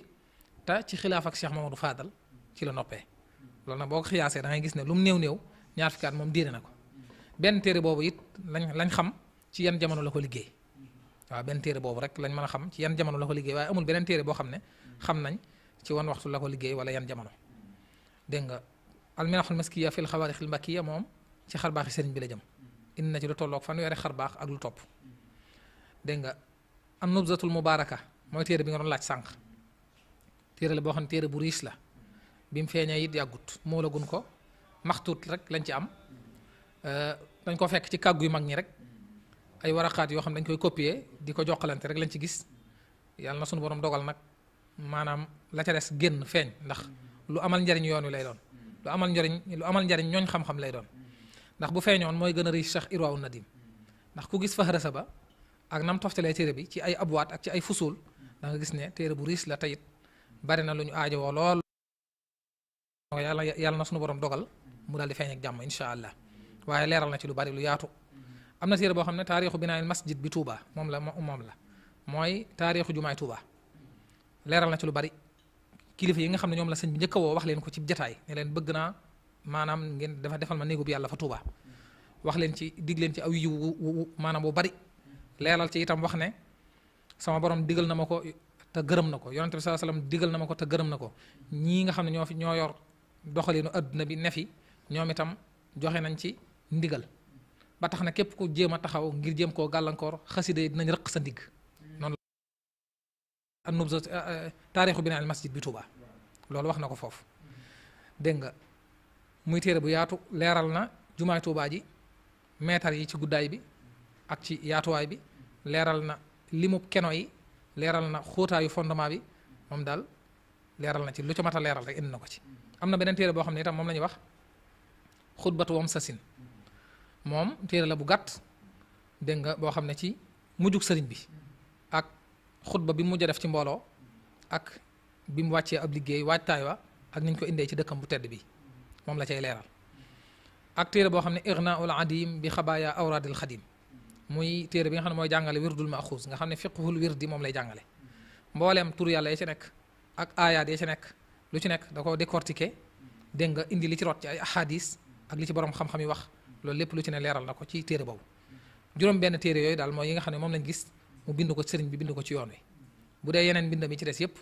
te ci xilaaf ak Cheikh Mamadou Fadal ci la noppee loolu na boo ko xiyaasee da gis ne lu mu néew néew ñaar fukki moom diire na ko benn téere boobu it lañ lañ xam ci yan jamono la ko liggéey waaw benn téere boobu rek lañ mën a xam ci yan jamono la ko liggéey waaye amul beneen téere boo xam ne xam nañ ci wan waxtu la ko liggéey wala yan jamono dégg nga alminaxul maskiya fil xawaarixil mbakkiya moom ci xarbaaxi sëriñ bi la jëm indi na ci lu tolloog fanweeri xarbaax ak lu topp dégg nga an nubzatul mubaaraka mooy téere bi nga doon laaj sànq téere la boo xam ne téere bu riis la bi mu feeñee it yàggut moo la gun ko maxtuut rek lañ ci am euh, dañ ko fekk ci kàggu yu mag ñi rek ay waraqaat yoo xam dañ koy copier di ko joxalante rek lañ ci gis yàlla na sunu borom dogal nag maanaam la ca des génn feeñ ndax lu amal njariñ yoon wi lay doon lu amal njariñ lu amal njariñ ñooñ xam-xam lay doon ndax bu feeñoon mooy gën a riis Cheikh na Nadim ndax ku gis fahrasa ba ak nam toftalee téere bi ci ay abwaat ak ay fusul da la bari na lu ñu aajowoo lool yàlla yàlla na sunu borom dogal mu daal di feeñ ak jàmm incha allah waaye leeral na ci lu bari lu yaatu am na siira boo xam ne taarixu binaa masjid bi Touba moom la moom la mooy taarixu jumaay Touba leeral na ci lu bari kilifa yi nga xam ne ñoom la sañ bi njëkk woo wax leen ko ci jataay ne leen bëgg naa maanaam ngeen dafa defal ma néegu bi yàlla fa Touba wax leen ci dig leen ci aw yiw wu maanaam bu bari leeral ci itam wax ne sama borom digal na ma ko te gërëm na ko yonent bi sallallahu alayhi digal na ma ko te gërëm na ko ñii nga xam ne ñoo fi ñoo yor doxalinu adduna bi ne ñoom itam joxe nañ ci ndigal ba tax na képp ku jéem a taxaw ngir jéem koo gàllankoor xasida yi dinañ rëq sa ndigg noonu la nubza eh, eh, taarixu binaa al masjid bi Tuuba loolu wax na ko foofu dégg nga muy téere bu yaatu leeral na jumaay Tuuba ji meetar yi ci guddaay bi ak ci yaatuwaay bi leeral na limu keno yi leeral na xóotaayu fondement bi moom daal leeral na ci lu ca mat a leeral rek indi na ko ci. am na beneen téere boo xam ne itam moom la ñuy wax xutbatu wam sasin moom téere la bu gàtt dégg nga boo xam ne ci mujjug sëriñ bi ak xutba bi mu mujj def ci mbooloo ak bi mu wàccee ab liggéey waajtaay wa ak niñ ko indee ci dëkkam bu tedd bi moom la cay leeral ak téere boo xam ne irnaul adim bi xabaaya awraadil xadim muy téere bi nga xam ne mooy jàngale wirdul maxuus nga xam ne fiqhul wirdi moom lay jàngale mbooleem tur yàlla ya ci nekk ak aayaat ya ci nekk lu ci nekk da ko décortiquer dégg nga indi li ci rot ci ay ahadis ak li ci borom xam-xam yi wax loolu lépp lu ci ne leeral na ko ci téere boobu juróom benn téere yooyu daal mooy yi nga xam ne moom lañ gis mu bind ko sëriñ bi bind ko ci yoon wi bu dee yeneen bindam yi ci des yëpp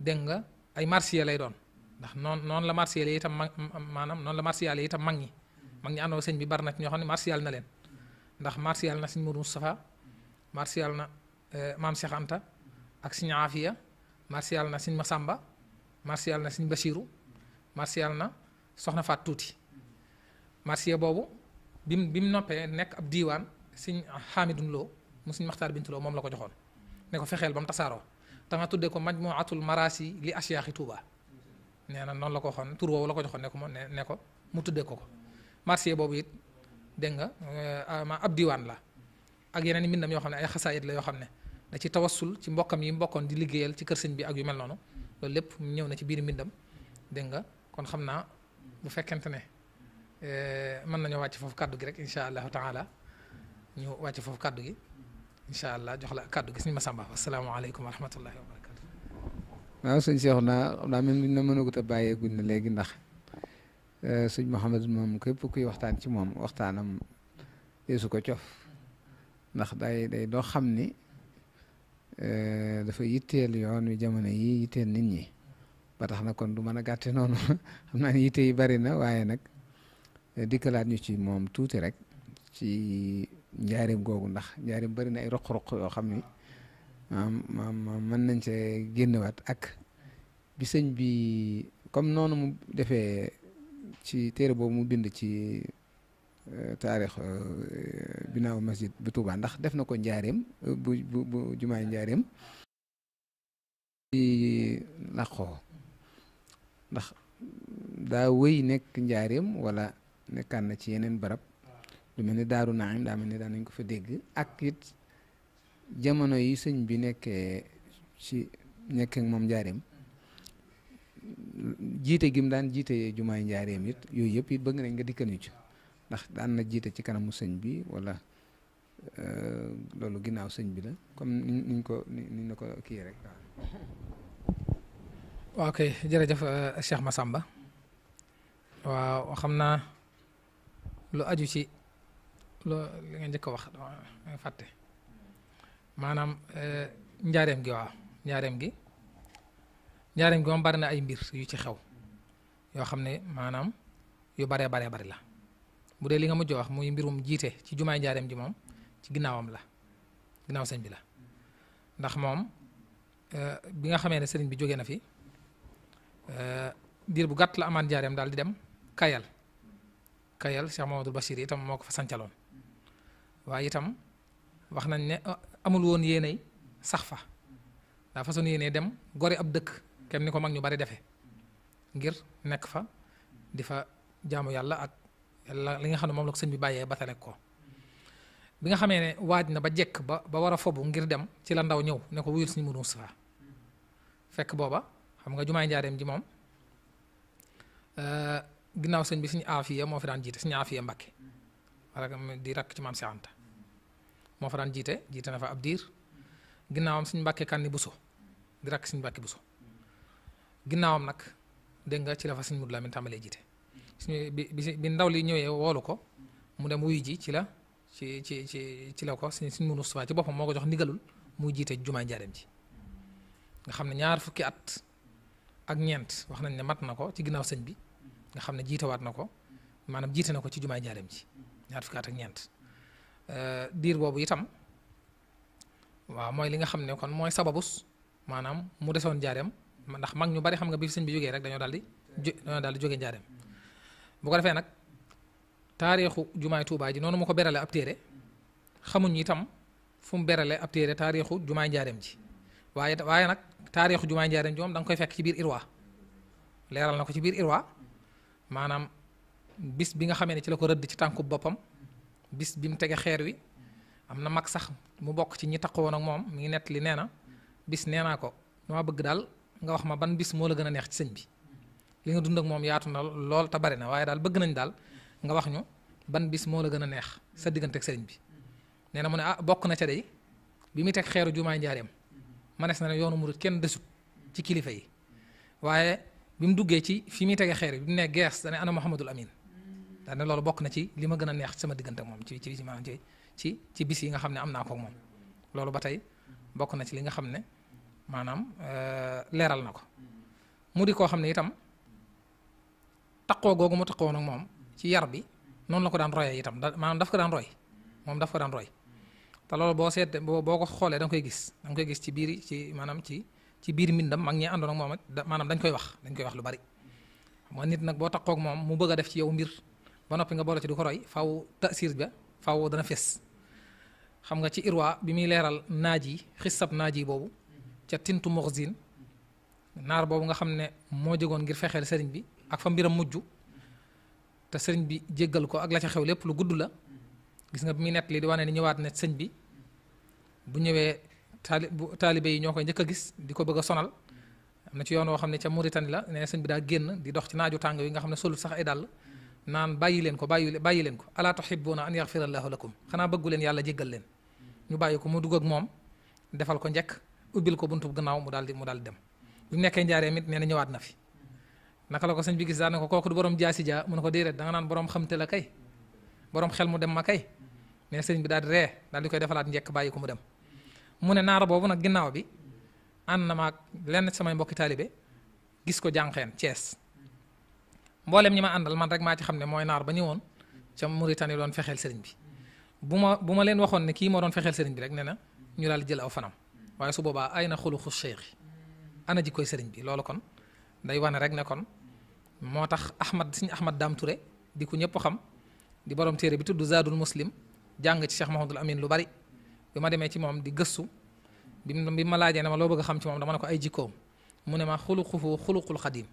dégg ay marsiya lay doon ndax noonu noonu la marsiya yi ma maanaam noonu la marsiya itam mag ñi mag ñi bi bari na ñoo xam ne na leen ndax martial na sëñ muru Moustapha martial na eh, maam Cheikh Anta ak sëñ Afia martial na sëñ masamba martial na sëñ Bachirou martial na soxna Faat Tuuti martial boobu bi mu bi mu noppee nekk ab diiwaan sëñ Hamidou Lo mu sëñ Maxtaar Bintu Lo moom la ko joxoon ne ko fexeel ba mu tasaaroo te nga tuddee ko majmuatul marasi li asiyaaxi Touba nee na noonu la ko waxoon tur woowu la ko joxoon ne ko ne ko mu tuddee ko ko martial boobu it. dégg nga euh, ma ab diwaan la ak yeneen i mbindam yoo xam ne ay xasaayit la yoo xam ne da ci tawassul ci mbokkam yi mbokkoon di liggéeyal ci kër sëñ bi ak yu mel noonu loolu lépp ñëw na ci biir mbindam dégg nga kon xam naa bu fekkente ne euh, mën nañoo wàcc foofu kàddu gi rek incha allahu taala ñu wàcc foofu kàddu gi incha allah jox la kàddu gi suñu ma asalaamaaleykum wa rahmatullahi wa barakatu. waaw sëñ Cheikh naa xam naa mën na mën a gudd a bàyyeeguñ na léegi ndax. Eh, sëñ Mouhamed moom képp kuy waxtaan ci moom waxtaanam deesu ko cof ndax day day doo xam ni eh, dafa yitteel yoon wi jamono yi yitteel nit ñi ba tax na kon du mën a gàtte noonu (laughs) xam naa ni yi bari na waaye nag eh, dikkalaat ñu ci moom tuuti rek ci njaarim googu ndax njaarim bari na ay roq-roq yoo xam ni maam mën nañ see génnewaat ak bi bi comme noonu mu defee ci téere boobu mu bind ci euh, taarix euh, binaaw masjid bu Tuubaa ndax def na ko njaareem euh, bu bu bu jumaay njaareem ci ndax daa wëy nekk njaareem wala nekkaan na ci yeneen barab lu mel ni daaru naam daa mel ni daan nañ ko fa dégg ak it jamono yi sëñ bi nekkee ci nekk moom njaareem jiite gim daan jiite jumaay njaareem it yooyu yëpp it bëgg nañ nga dikkal ñu ndax daan na jiite ci kanamu sëñ bi wala euh, loolu ginnaaw sëñ bi la comme niñ ko niñ la ko kii rek waaw. ok jërëjëf euh, Cheikh Massamba waaw xam naa lu aju ci loo li nga njëkk wax fàtte maanaam euh, njaareem gi waaw njaareem gi. njaareem gi moom bari na ay mbir yu ci xew yoo xam ne maanaam yu baree bare bari la bu dee li nga mujj wax muy mbirum jiite ci jumaay njaareem ji moom ci ginnaawam la ginnaaw sañ bi la ndax moom euh, bi nga xamee ne sëriñ bi jógee na fi euh, diir bu gàtt la amaan njaareem daal di dem kayal kayal Cheikh Mamadou Bachir itam moo ko fa sancaloon waaye itam wax nañ ne euh, amul woon yéenay sax fa daa façon yéenee dem gore ab dëkk kenn ni ko mag ñu bari defee ngir nekk fa di fa jaamu yàlla ak la li nga xam ne moom la ko sëñ bi bàyyee batale ko bi nga xamee ne waaj na ba jekk ba ba war a fobu ngir dem ci la ndaw ñëw ne ko wuyul suñu Mourou Moustapha fekk booba xam nga jumaay njaareem ji moom euh, ginnaaw sëñ bi suñu aafiya moo fi daan jiite suñu aafiya Mbàkke di rakk ci maam si moo fa daan jiite jiite na fa ab diir ginnaawam suñu Mbàkke Kanni Buso di rakk suñu Mbàkke Buso ginnaawam nag dégg nga ci la fa sëñ Modou Lamine tàmbalee jiite suñu bi ndaw li ñëwee woolu ko mu dem wuyu ji ci la ci ci ci ci la ko sëñ sëñ Modou Moustapha ci boppam moo ko jox ndigalul muy jiite jumaa njaareem ji nga xam ne ñaar fukki at ak ñeent wax nañ ne mat na ko ci ginnaaw sëñ bi nga xam ne jiitewaat na ko maanaam jiite na ko ci jumaa njaareem ji ñaar fukki at ak ñeent euh, diir boobu itam waaw mooy li nga xam ne kon mooy sababus maanaam mu desoon njaareem ndax mag ñu bari xam nga bi sëñ bi jógee rek dañoo daal jóge njaareem bu ko defee nag taarixu jumaay Touba ji noonu mu ko berale ab téere xamuñ itam fu mu berale ab téere taarixu jumaay njaareem ji waaye waaye nag taarixu jumaay njaareem ji moom danga koy fekk ci biir Irwa leeral na ko ci biir Irwa maanaam bis bi nga xamee ne ci la ko rëdd ci tànku boppam bis bi mu tege xeer wi am na mag sax mu bokk ci ñi taxawoon ak moom mi ngi nett li nee na bis nee naa ko dama bëgg daal nga wax ma ban bis moo la gën a neex ci sëñ bi li nga dund moom yaatu na lool te bari na waaye daal bëgg nañ daal nga wax ñu ban bis moo la gën a neex sa diggante ak bi nee na mu ne ah, bokk na ca day bi muy teg xeeru jumaay njaareem manes na ne yoonu murit kenn desut ci kilifa yi waaye bi mu duggee ci fi muy tege xeer ne gees dane ana Muhammadul Amin daane loolu bokk na ci li ma gën a neex sama diggante moom ci ci ci ci bis yi nga xam ne am naa ko moom loolu ba tey bokk na ci li nga xam ne maanaam euh, leeral na ko mu di koo xam ne itam taqoo googu mu taqoo nag moom ci yar bi noonu la ko daan royee itam da maanaam daf ko daan roy moom daf ko daan roy te loolu boo seet boo boo ko xoolee da koy gis da nga koy gis ci biir ci maanaam ci ci biir mbindam mag ñi àndoon ak moom maanaam dañ koy wax dañ koy wax lu bari xam nga nit nag boo taqoo moom mu bëgg a def ci yow mbir ba noppi nga boole ci di ko roy faw tasir ba faw dana fes xam nga ci irwa bi muy leeral naaj yi xisab naaj yi boobu. ca tintu moxzin naar boobu nga xam ne moo jógoon ngir fexeel sëriñ bi ak fa mbiram mujj te sëriñ bi jéggal ko ak la ca xew lépp lu gudd la gis nga bi muy nett lii di wane ni ñëwaat na sëñ bi bu ñëwee taali bu taalibe yi ñoo koy njëkk a gis di ko bëgg a sonal am na ci yoon woo xam ne ca Mauritanie la nee sëñ bi daa génn di dox ci naaju tàng yi nga xam ne solut sax ay dàll naan bàyyi leen ko bàyyi bàyyi leen ko alaa tuhibbuna an yaxfirallahu lakum xanaa bëggu leen yàlla jéggal ñu bàyyi ko mu dugg moom defal ko njëkk ubbil ko buntu gannaaw mu daal di mu daal dem bu nekkee njaareem it nee ñëwaat na fi naka la ko sëñ bi gis daan ko kooku du borom jaasi jaa mu ne ko déedéet da nga naan borom xamte la kay borom xel mu dem ma kay nee sëñ bi daal di ree daal di koy defalaat njekk bàyyi ko mu dem mu ne naara boobu nag ginnaaw bi ànd na maag lenn samay mbokki taalibe gis ko jànqeen Thiès mboolem ñi ma àndal man rek maa ci xam ne mooy naar ba ñëwoon ca Mauritanie doon fexeel sëriñ bi bu ma bu ma leen waxoon ne kii moo waaye su boobaa ay na xuluxu cheikhi ana ji koy sëriñ bi loolu kon day wane rek ne kon moo tax Ahmad Sëriñ Ahmad Dame Touré di ku ñëpp xam di borom téere bi tudd Zadul Muslim jàng ci Cheikh Mahamadul Amin lu bari bi ma demee ci moom di gëstu bi bi ma laajee ne ma loo bëgg xam ci moom dama ne ko ay jikkoom mu ne ma xuluquhu xuluqul xadim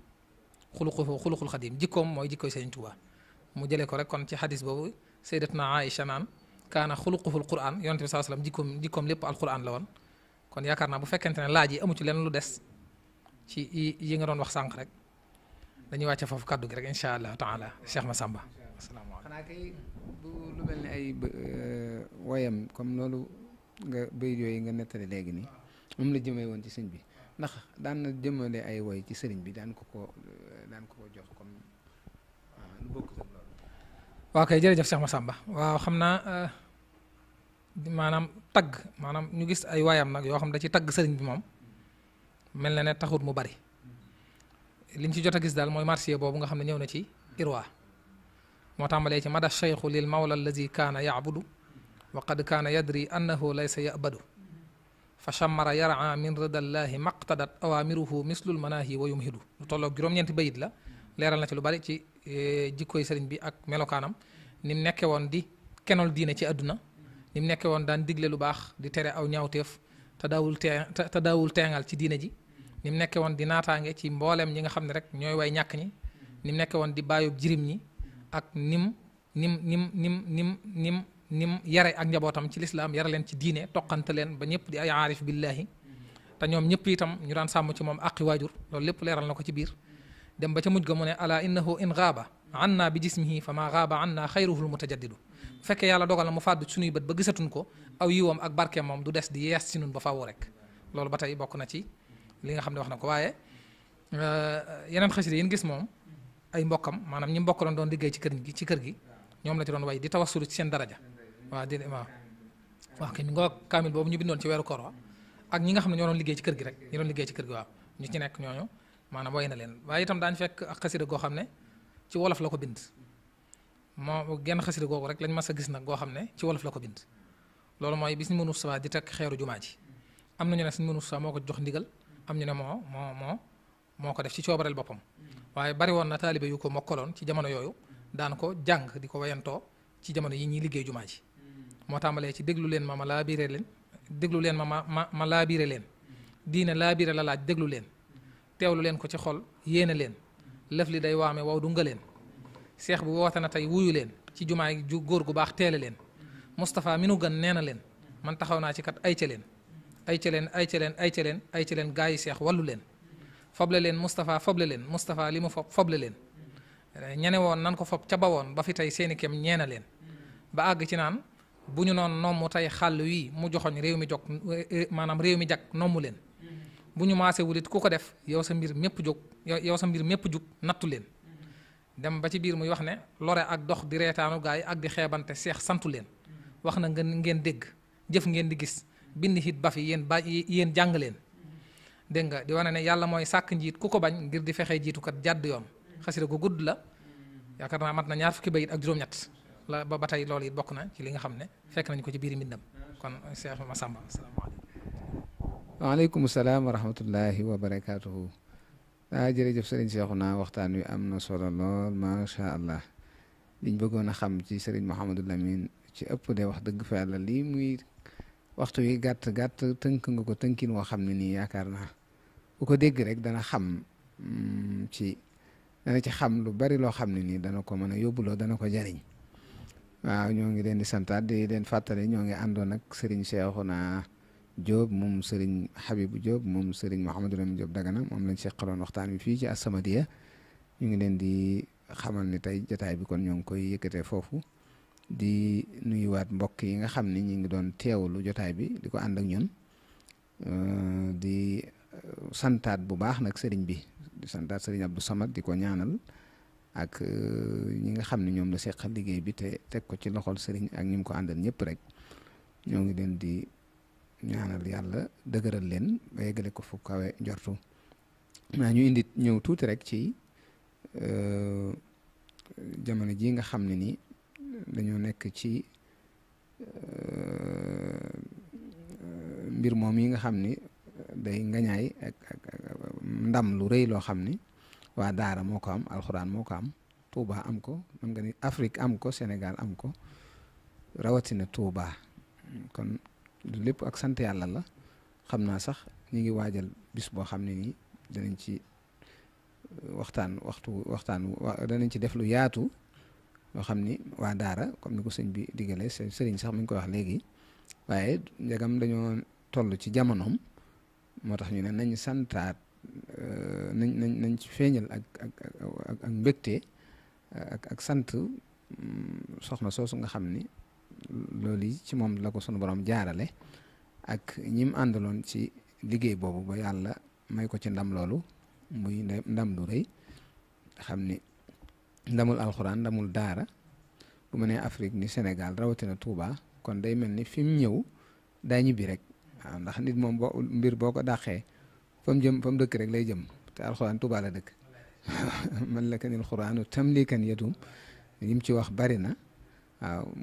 xuluquhu xuluqul xadim jikkoom mooy jikkoy Sëriñ Tuubaa mu jëlee ko rek kon ci xadis boobu sayyidatuna Aïcha naan kaana xuluquhul Qur'an yonent bi sallallahu alayhi wasallam jikkoom jikkoom lépp la woon kon yaakaar naa bu fekkente ne laaj yi amu ci leen lu des ci yi nga doon wax sànq rek dañuy wàcce foofu kàddu gi rek incha allah taala Cheikh Massamba. asalaamaaleykum xanaa kay bu lu mel ay euh, woyam comme loolu nga béy yooyu nga nettali léegi nii moom la jëmee woon ci sëñ bi ndax daan na jëmale ay woy ci sëriñ bi daan ko ko euh, daan ko jox comme lu bokk waaw kay jërëjëf Cheikh Massamba waaw xam naa. Euh, maanaam tagg maanaam ñu gis ay waayam nag yoo xam da ci tagg sëriñ bi moom mel na ne taxut mu bari liñ ci jot a gis daal mooy marché boobu nga xam ne ñëw na ci irwa moo tàmbalee ci mada cheikhu lil mawla allazi kaana yaabudu wa qad kaana yadri annahu laysa yabadu fa chammara yaraa min ridallahi maqtadat awamiruhu mislul manahi wa yumhidu lu tolloog juróom-ñeenti bayit la leeral na ci lu bari ci eh, jikkoy sëriñ bi ak melokaanam ni nekke woon di kenol diine ci àdduna ni mu nekkee woon daan digle lu baax di tere aw ñaawteef te daawul tee te daawul teengal ci diine ji ni mu nekkee woon di naataange ci mbooleem ñi nga xam ne rek ñooy way ñàkk ñi ni mu nekkee woon di bàyyub jirim ñi ak nim nim nim nim nim nim nim yare ak njabootam ci lislaam yare leen ci diine toqante leen ba ñëpp di ay aarif billahi te ñoom ñëpp itam ñu daan sàmm ci moom aqi waajur loolu lépp leeral na ko ci biir dem ba ca mujj ga mu ne ala innahu in gaaba naa bi jismihi fa ma gaaba anna xayruhu lmutajaddidu bu fekkee yàlla dogal na mu fàddu suñuy bët ba gisatuñ ko aw yiwam ak barke moom du des di yees ci nun ba faaw rek loolu ba tey bokk na ci li nga xam ne wax na ko waaye euh, yeneen xasida yi gis moom ay mbokkam maanaam ñi mbokk doon doon liggéey ci kër gi ci kër gi la ci way di tawassul ci seen daraja waaw di waaw wax kay mi nga boobu ñu bindoon ci weeru koor ak ñi xam ne ñoo doon liggéey ci kër gi rek ñi doon liggéey ci kër gi waaw ñu ci nekk ñooñu maanaam way na leen waaye itam daañu fekk ak xasida goo xam ne ci wolof la ko bind moo genn xasida googu rek lañ ma sa gis nag goo xam ne ci wolof la ko bind loolu mooy bi suñu mënu Moustapha di takk xeeru jumaa ji am na ñu ne suñu mënu Moustapha moo ko jox ndigal am ñu ne moo moo moo moo ko def ci coobareel boppam waaye bari woon na taalibe yu ko mokkaloon ci jamono yooyu daan ko jàng di ko wayantoo ci jamono yi ñuy liggéey jumaa ji moo tàmbalee ci déglu leen ma ma laabire leen déglu leen ma ma ma ma laabire leen diine laabire la laaj déglu leen teewlu leen ko ci xol yéene leen lëf li day waame waw du nga leen seex bu woote na tey wuyu leen ci jumaa ju góor gu baax teele leen Moustapha mi nu gën nee na leen man taxaw naa ci kat ay ca leen ay ca leen ay ca leen ay ca leen ay ca leen gaa yi leen foble leen Moustapha leen Moustapha li mu fob foble leen eh, ñene woon nan ko fob ca ba woon ba fi tey seeni kem ñeena leen ba àgg ci naan bu ñu noon nommu tey xàll wii mu joxoñ réew mi jog eh, eh, maanaam réew mi jag nommu leen bu ñu maasee wulit ku ko def yow sa mbir mépp jóg yow sa mbir dem ba ci biir muy wax ne lore ak dox di reetaanu gaa yi ak di xeebante seex santu leen wax na ngeen dégg jëf ngeen di gis bind hit ba fi yéen ba yéen jàng leen dégg nga di wane ne yàlla mooy sàkk njiit ku ko bañ ngir di fexe jiitukat jàdd yoon xasida ko gudd la yaakaar naa mat na ñaar fukki bayit ak juróom-ñett la ba ba tey loolu it bokk na ci li nga xam ne fekk nañ ko ci biir mbindam kon seex ma sàmba asalaamaaleykum waaleykum salaam wa wa barakaatuhu ah jërëjëf sëriñ Seexuna waxtaan wi am na solo lool macha allah liñ bëggoon a xam ci sëriñ Mouhamadou Lamine ci ëpp de wax dëgg fa yàlla lii muy waxtu wi gàtt gàtt tënk nga ko tënkin woo xam ne nii yaakaar naa ku ko dégg rek dana xam mm, ci dana ci xam lu bari loo xam ne nii dana ko mën a yóbbuloo dana ko jariñ a ñoo ngi leen di santaat di den fàttali ñoo ngi àndoon ak sëriñ Seexuna Diop moom sëriñ Habibou Diop moom sëriñ Mouhamadou Lamine Diop Dagana moom lañ seqaloon waxtaan wi fii ci As-Samadiyya ñu ngi leen di xamal ni tey jataay bi kon ñoo ngi koy yëkkatee foofu di nuyuwaat mbokk yi nga xam ni ñu ngi doon teewlu jotaay bi di ko ànd ak ñun euh, di santaat bu baax nag sëriñ bi di santaat sëriñ Abdou Samad di ñaanal ak euh, ñi nga xam ne ñoom la seqal liggéey bi te teg ko ci loxol sëriñ ak ñi ko àndal ñëpp rek ñoo ngi leen di. ñaanal yàlla dëgëral leen ba yeggale ko fu kawe njortu naa ñu indi ñëw tuuti rek ci euh, jamono ji nga xam ne ni dañoo nekk ci euh, mbir moom yi nga xam ni day ngañaay ak ndam lu rëy loo xam ni waa daara moo ko am alxuraan moo ko am Touba am ko mën nga ni Afrique am ko Sénégal am ko rawatina Touba kon lépp ak sant yàlla la xam naa sax ñu ngi waajal bis boo xam ne nii danañ ci euh, waxtaan waxtu waxtaan danañ ci def lu yaatu loo xam ni waa daara comme ni ko sëñ bi digale sëriñ sax mi koy wax léegi waaye njagam dañoo toll ci jamonoom moo tax ñu ne nañ santaat euh, nañ nañ nañ ci feeñal ak ak ak ak ak sant mm, soxna soosu nga xam ni loolu ci moom la ko sunu borom jaarale ak ñi mu ci liggéey boobu ba yàlla may ko ci ndam loolu muy ndam lu rëy xam ni ndamul alxuraan ndamul daara bu mu nee Afrique ni Sénégal rawatina tuuba kon day mel ni fi mu ñëw daa ñibbi rek waaw ndax nit moom boo mbir boo ko dàqee fa jëm fa dëkk rek lay jëm te alxuraan Touba dëkk (laughs) man la kanil xuraanu tamlikan yadum li mu ci wax bari na.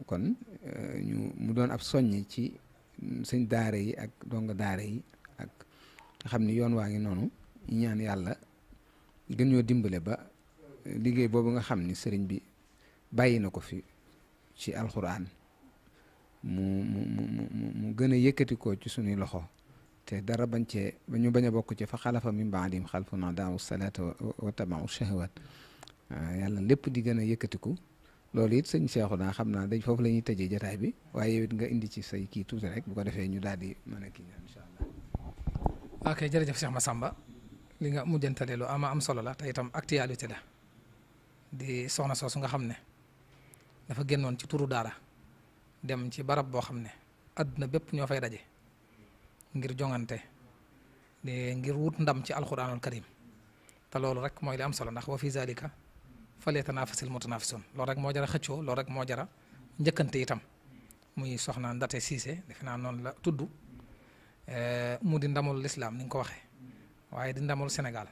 kon eh, ñu mu doon ab soññ ci mm, sëñ daare yi ak donga daare yi ak nga xam ni yoon waa ngi noonu ñu ñaan yàlla gën ñoo dimbale ba eh, liggéey boobu nga xam ni sëriñ bi bàyyi na ko fi ci alxuraan mu mu mu mu gën a yëkkati ko ci sunuy loxo te dara bañ cee ba ñu bañ a bokk ci fa xalafa min baadim xalfun daawu salaata wa tabaau shahawaat ah, yàlla lépp di gën a ko loolu it sëñ seexu naa xam naa dañ foofu la ñuy tëjee jataay bi waaye wit nga indi ci say kii tuuti rek bu ko defee ñu daal di mën a kii incha allah. ok jërëjëf Cheikh li nga mujjantale lu ama am solo la te itam actualité la di soxna soosu nga xam ne dafa génnoon ci turu daara dem ci barab boo xam ne àdduna bépp ñoo fay daje ngir joŋante ngir wut ndam ci alxuraanul karim te loolu rek mooy li am solo ndax wa fi zalika falee tanaafasil mutanaafisun loolu rek moo jara xëccoo loolu rek moo jara njëkkante itam muy soxna Ndate Cissé defe naa noonu la tudd eh, mu di ndamul lislaam ni nga ko waxee waaye di ndamul Sénégal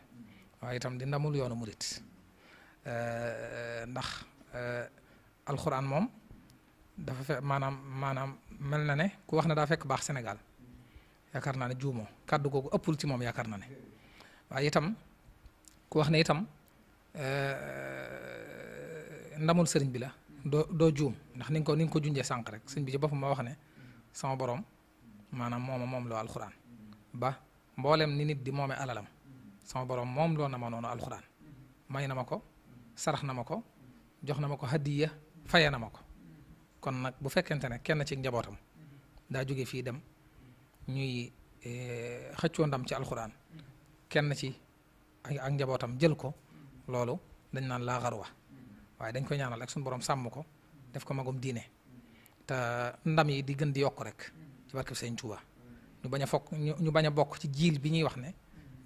waaye itam di ndamul yoonu murit eh, ndax eh, alxuraan moom dafa fe maanaam maanaam mel na ne ku wax ne daa fekk baax Sénégal yaakaar naa ne juumoo kàdd googu ëppul ci moom yaakaar na ne waaye itam ku wax ne itam. Euh, ndamul sëriñ bi la doo doo juum ndax ni ko ni ko junjee sànq rek sëriñ bi ci boppam ma wax ne sama borom maanaam mooma moom loo alxuraan ba mboolem ni nit di moome alalam sama borom moom loo na ma noonu alxuraan may na ma ko sarax na ma ko jox na ma ko hadiya faye na ma ko kon nag bu fekkente ne kenn ci njabootam daa jóge fii dem ñuy eh, xëccoo ndam ci alxuraan kenn ci ak njabootam jël ko loolu dañ naan laa xarwa waaye dañ koy ñaanal ak suñu borom sàmm ko def ko magum diine te ndam yi di gën di yokk rek ci barkeb Sëñ Tuuba ñu baña fokk ñu bañ bokk ci jiil bi ñuy wax ne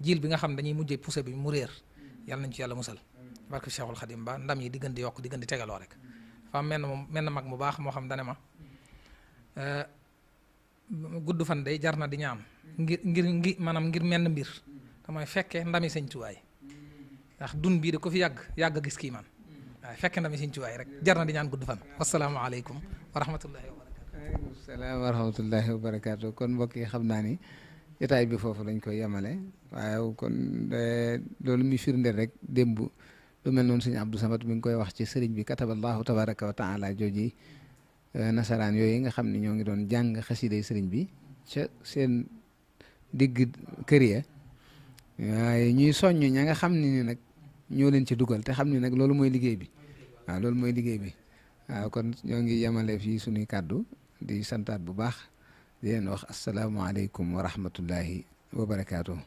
jiil bi nga xam dañuy mujjee poussé bi mu réer yàlla nañ ci yàlla musal barkeb Cheikhul Xadim ba ndam yi di gën di yokk di gën di tegaloo rek fa mel na moom mel na mag mu baax moo xam dane ma euh, gudd fan day jar na di ñaan ngir ngir ngir maanaam ngir menn mbir te mooy fekkee ndami Sëñ Tuuba ndax dun bii de ko fi yàgg yàgg a gis kii man waaw fekk na mi siñ ci waay rek jar na di ñaan gudd fan wasalaamaaleykum wa rahmatullahi wa kon mbokk yi xam naa ni jotaay bi foofu lañ koy yemale waaye kon eh, loolu muy firndeel rek démb lu mel noonu suñu Abdou Samad mi ngi koy wax ci sëriñ bi kataballahu tabaraka wa taala jooji eh, nasaraan yooyu nga xam ne ñoo ngi doon jàng xasiday sëriñ bi ca seen digg kër ya waaye ñuy soññ ñanga nga xam ne ni nag ñoo leen ci dugal te xam ne nag loolu mooy liggéey bi waaw loolu mooy liggéey bi waaw kon ñoo ngi yemale fii suñuy kàddu di santaat bu baax di leen wax asalaamaaleykum wa rahmatullahi wa barakaatu.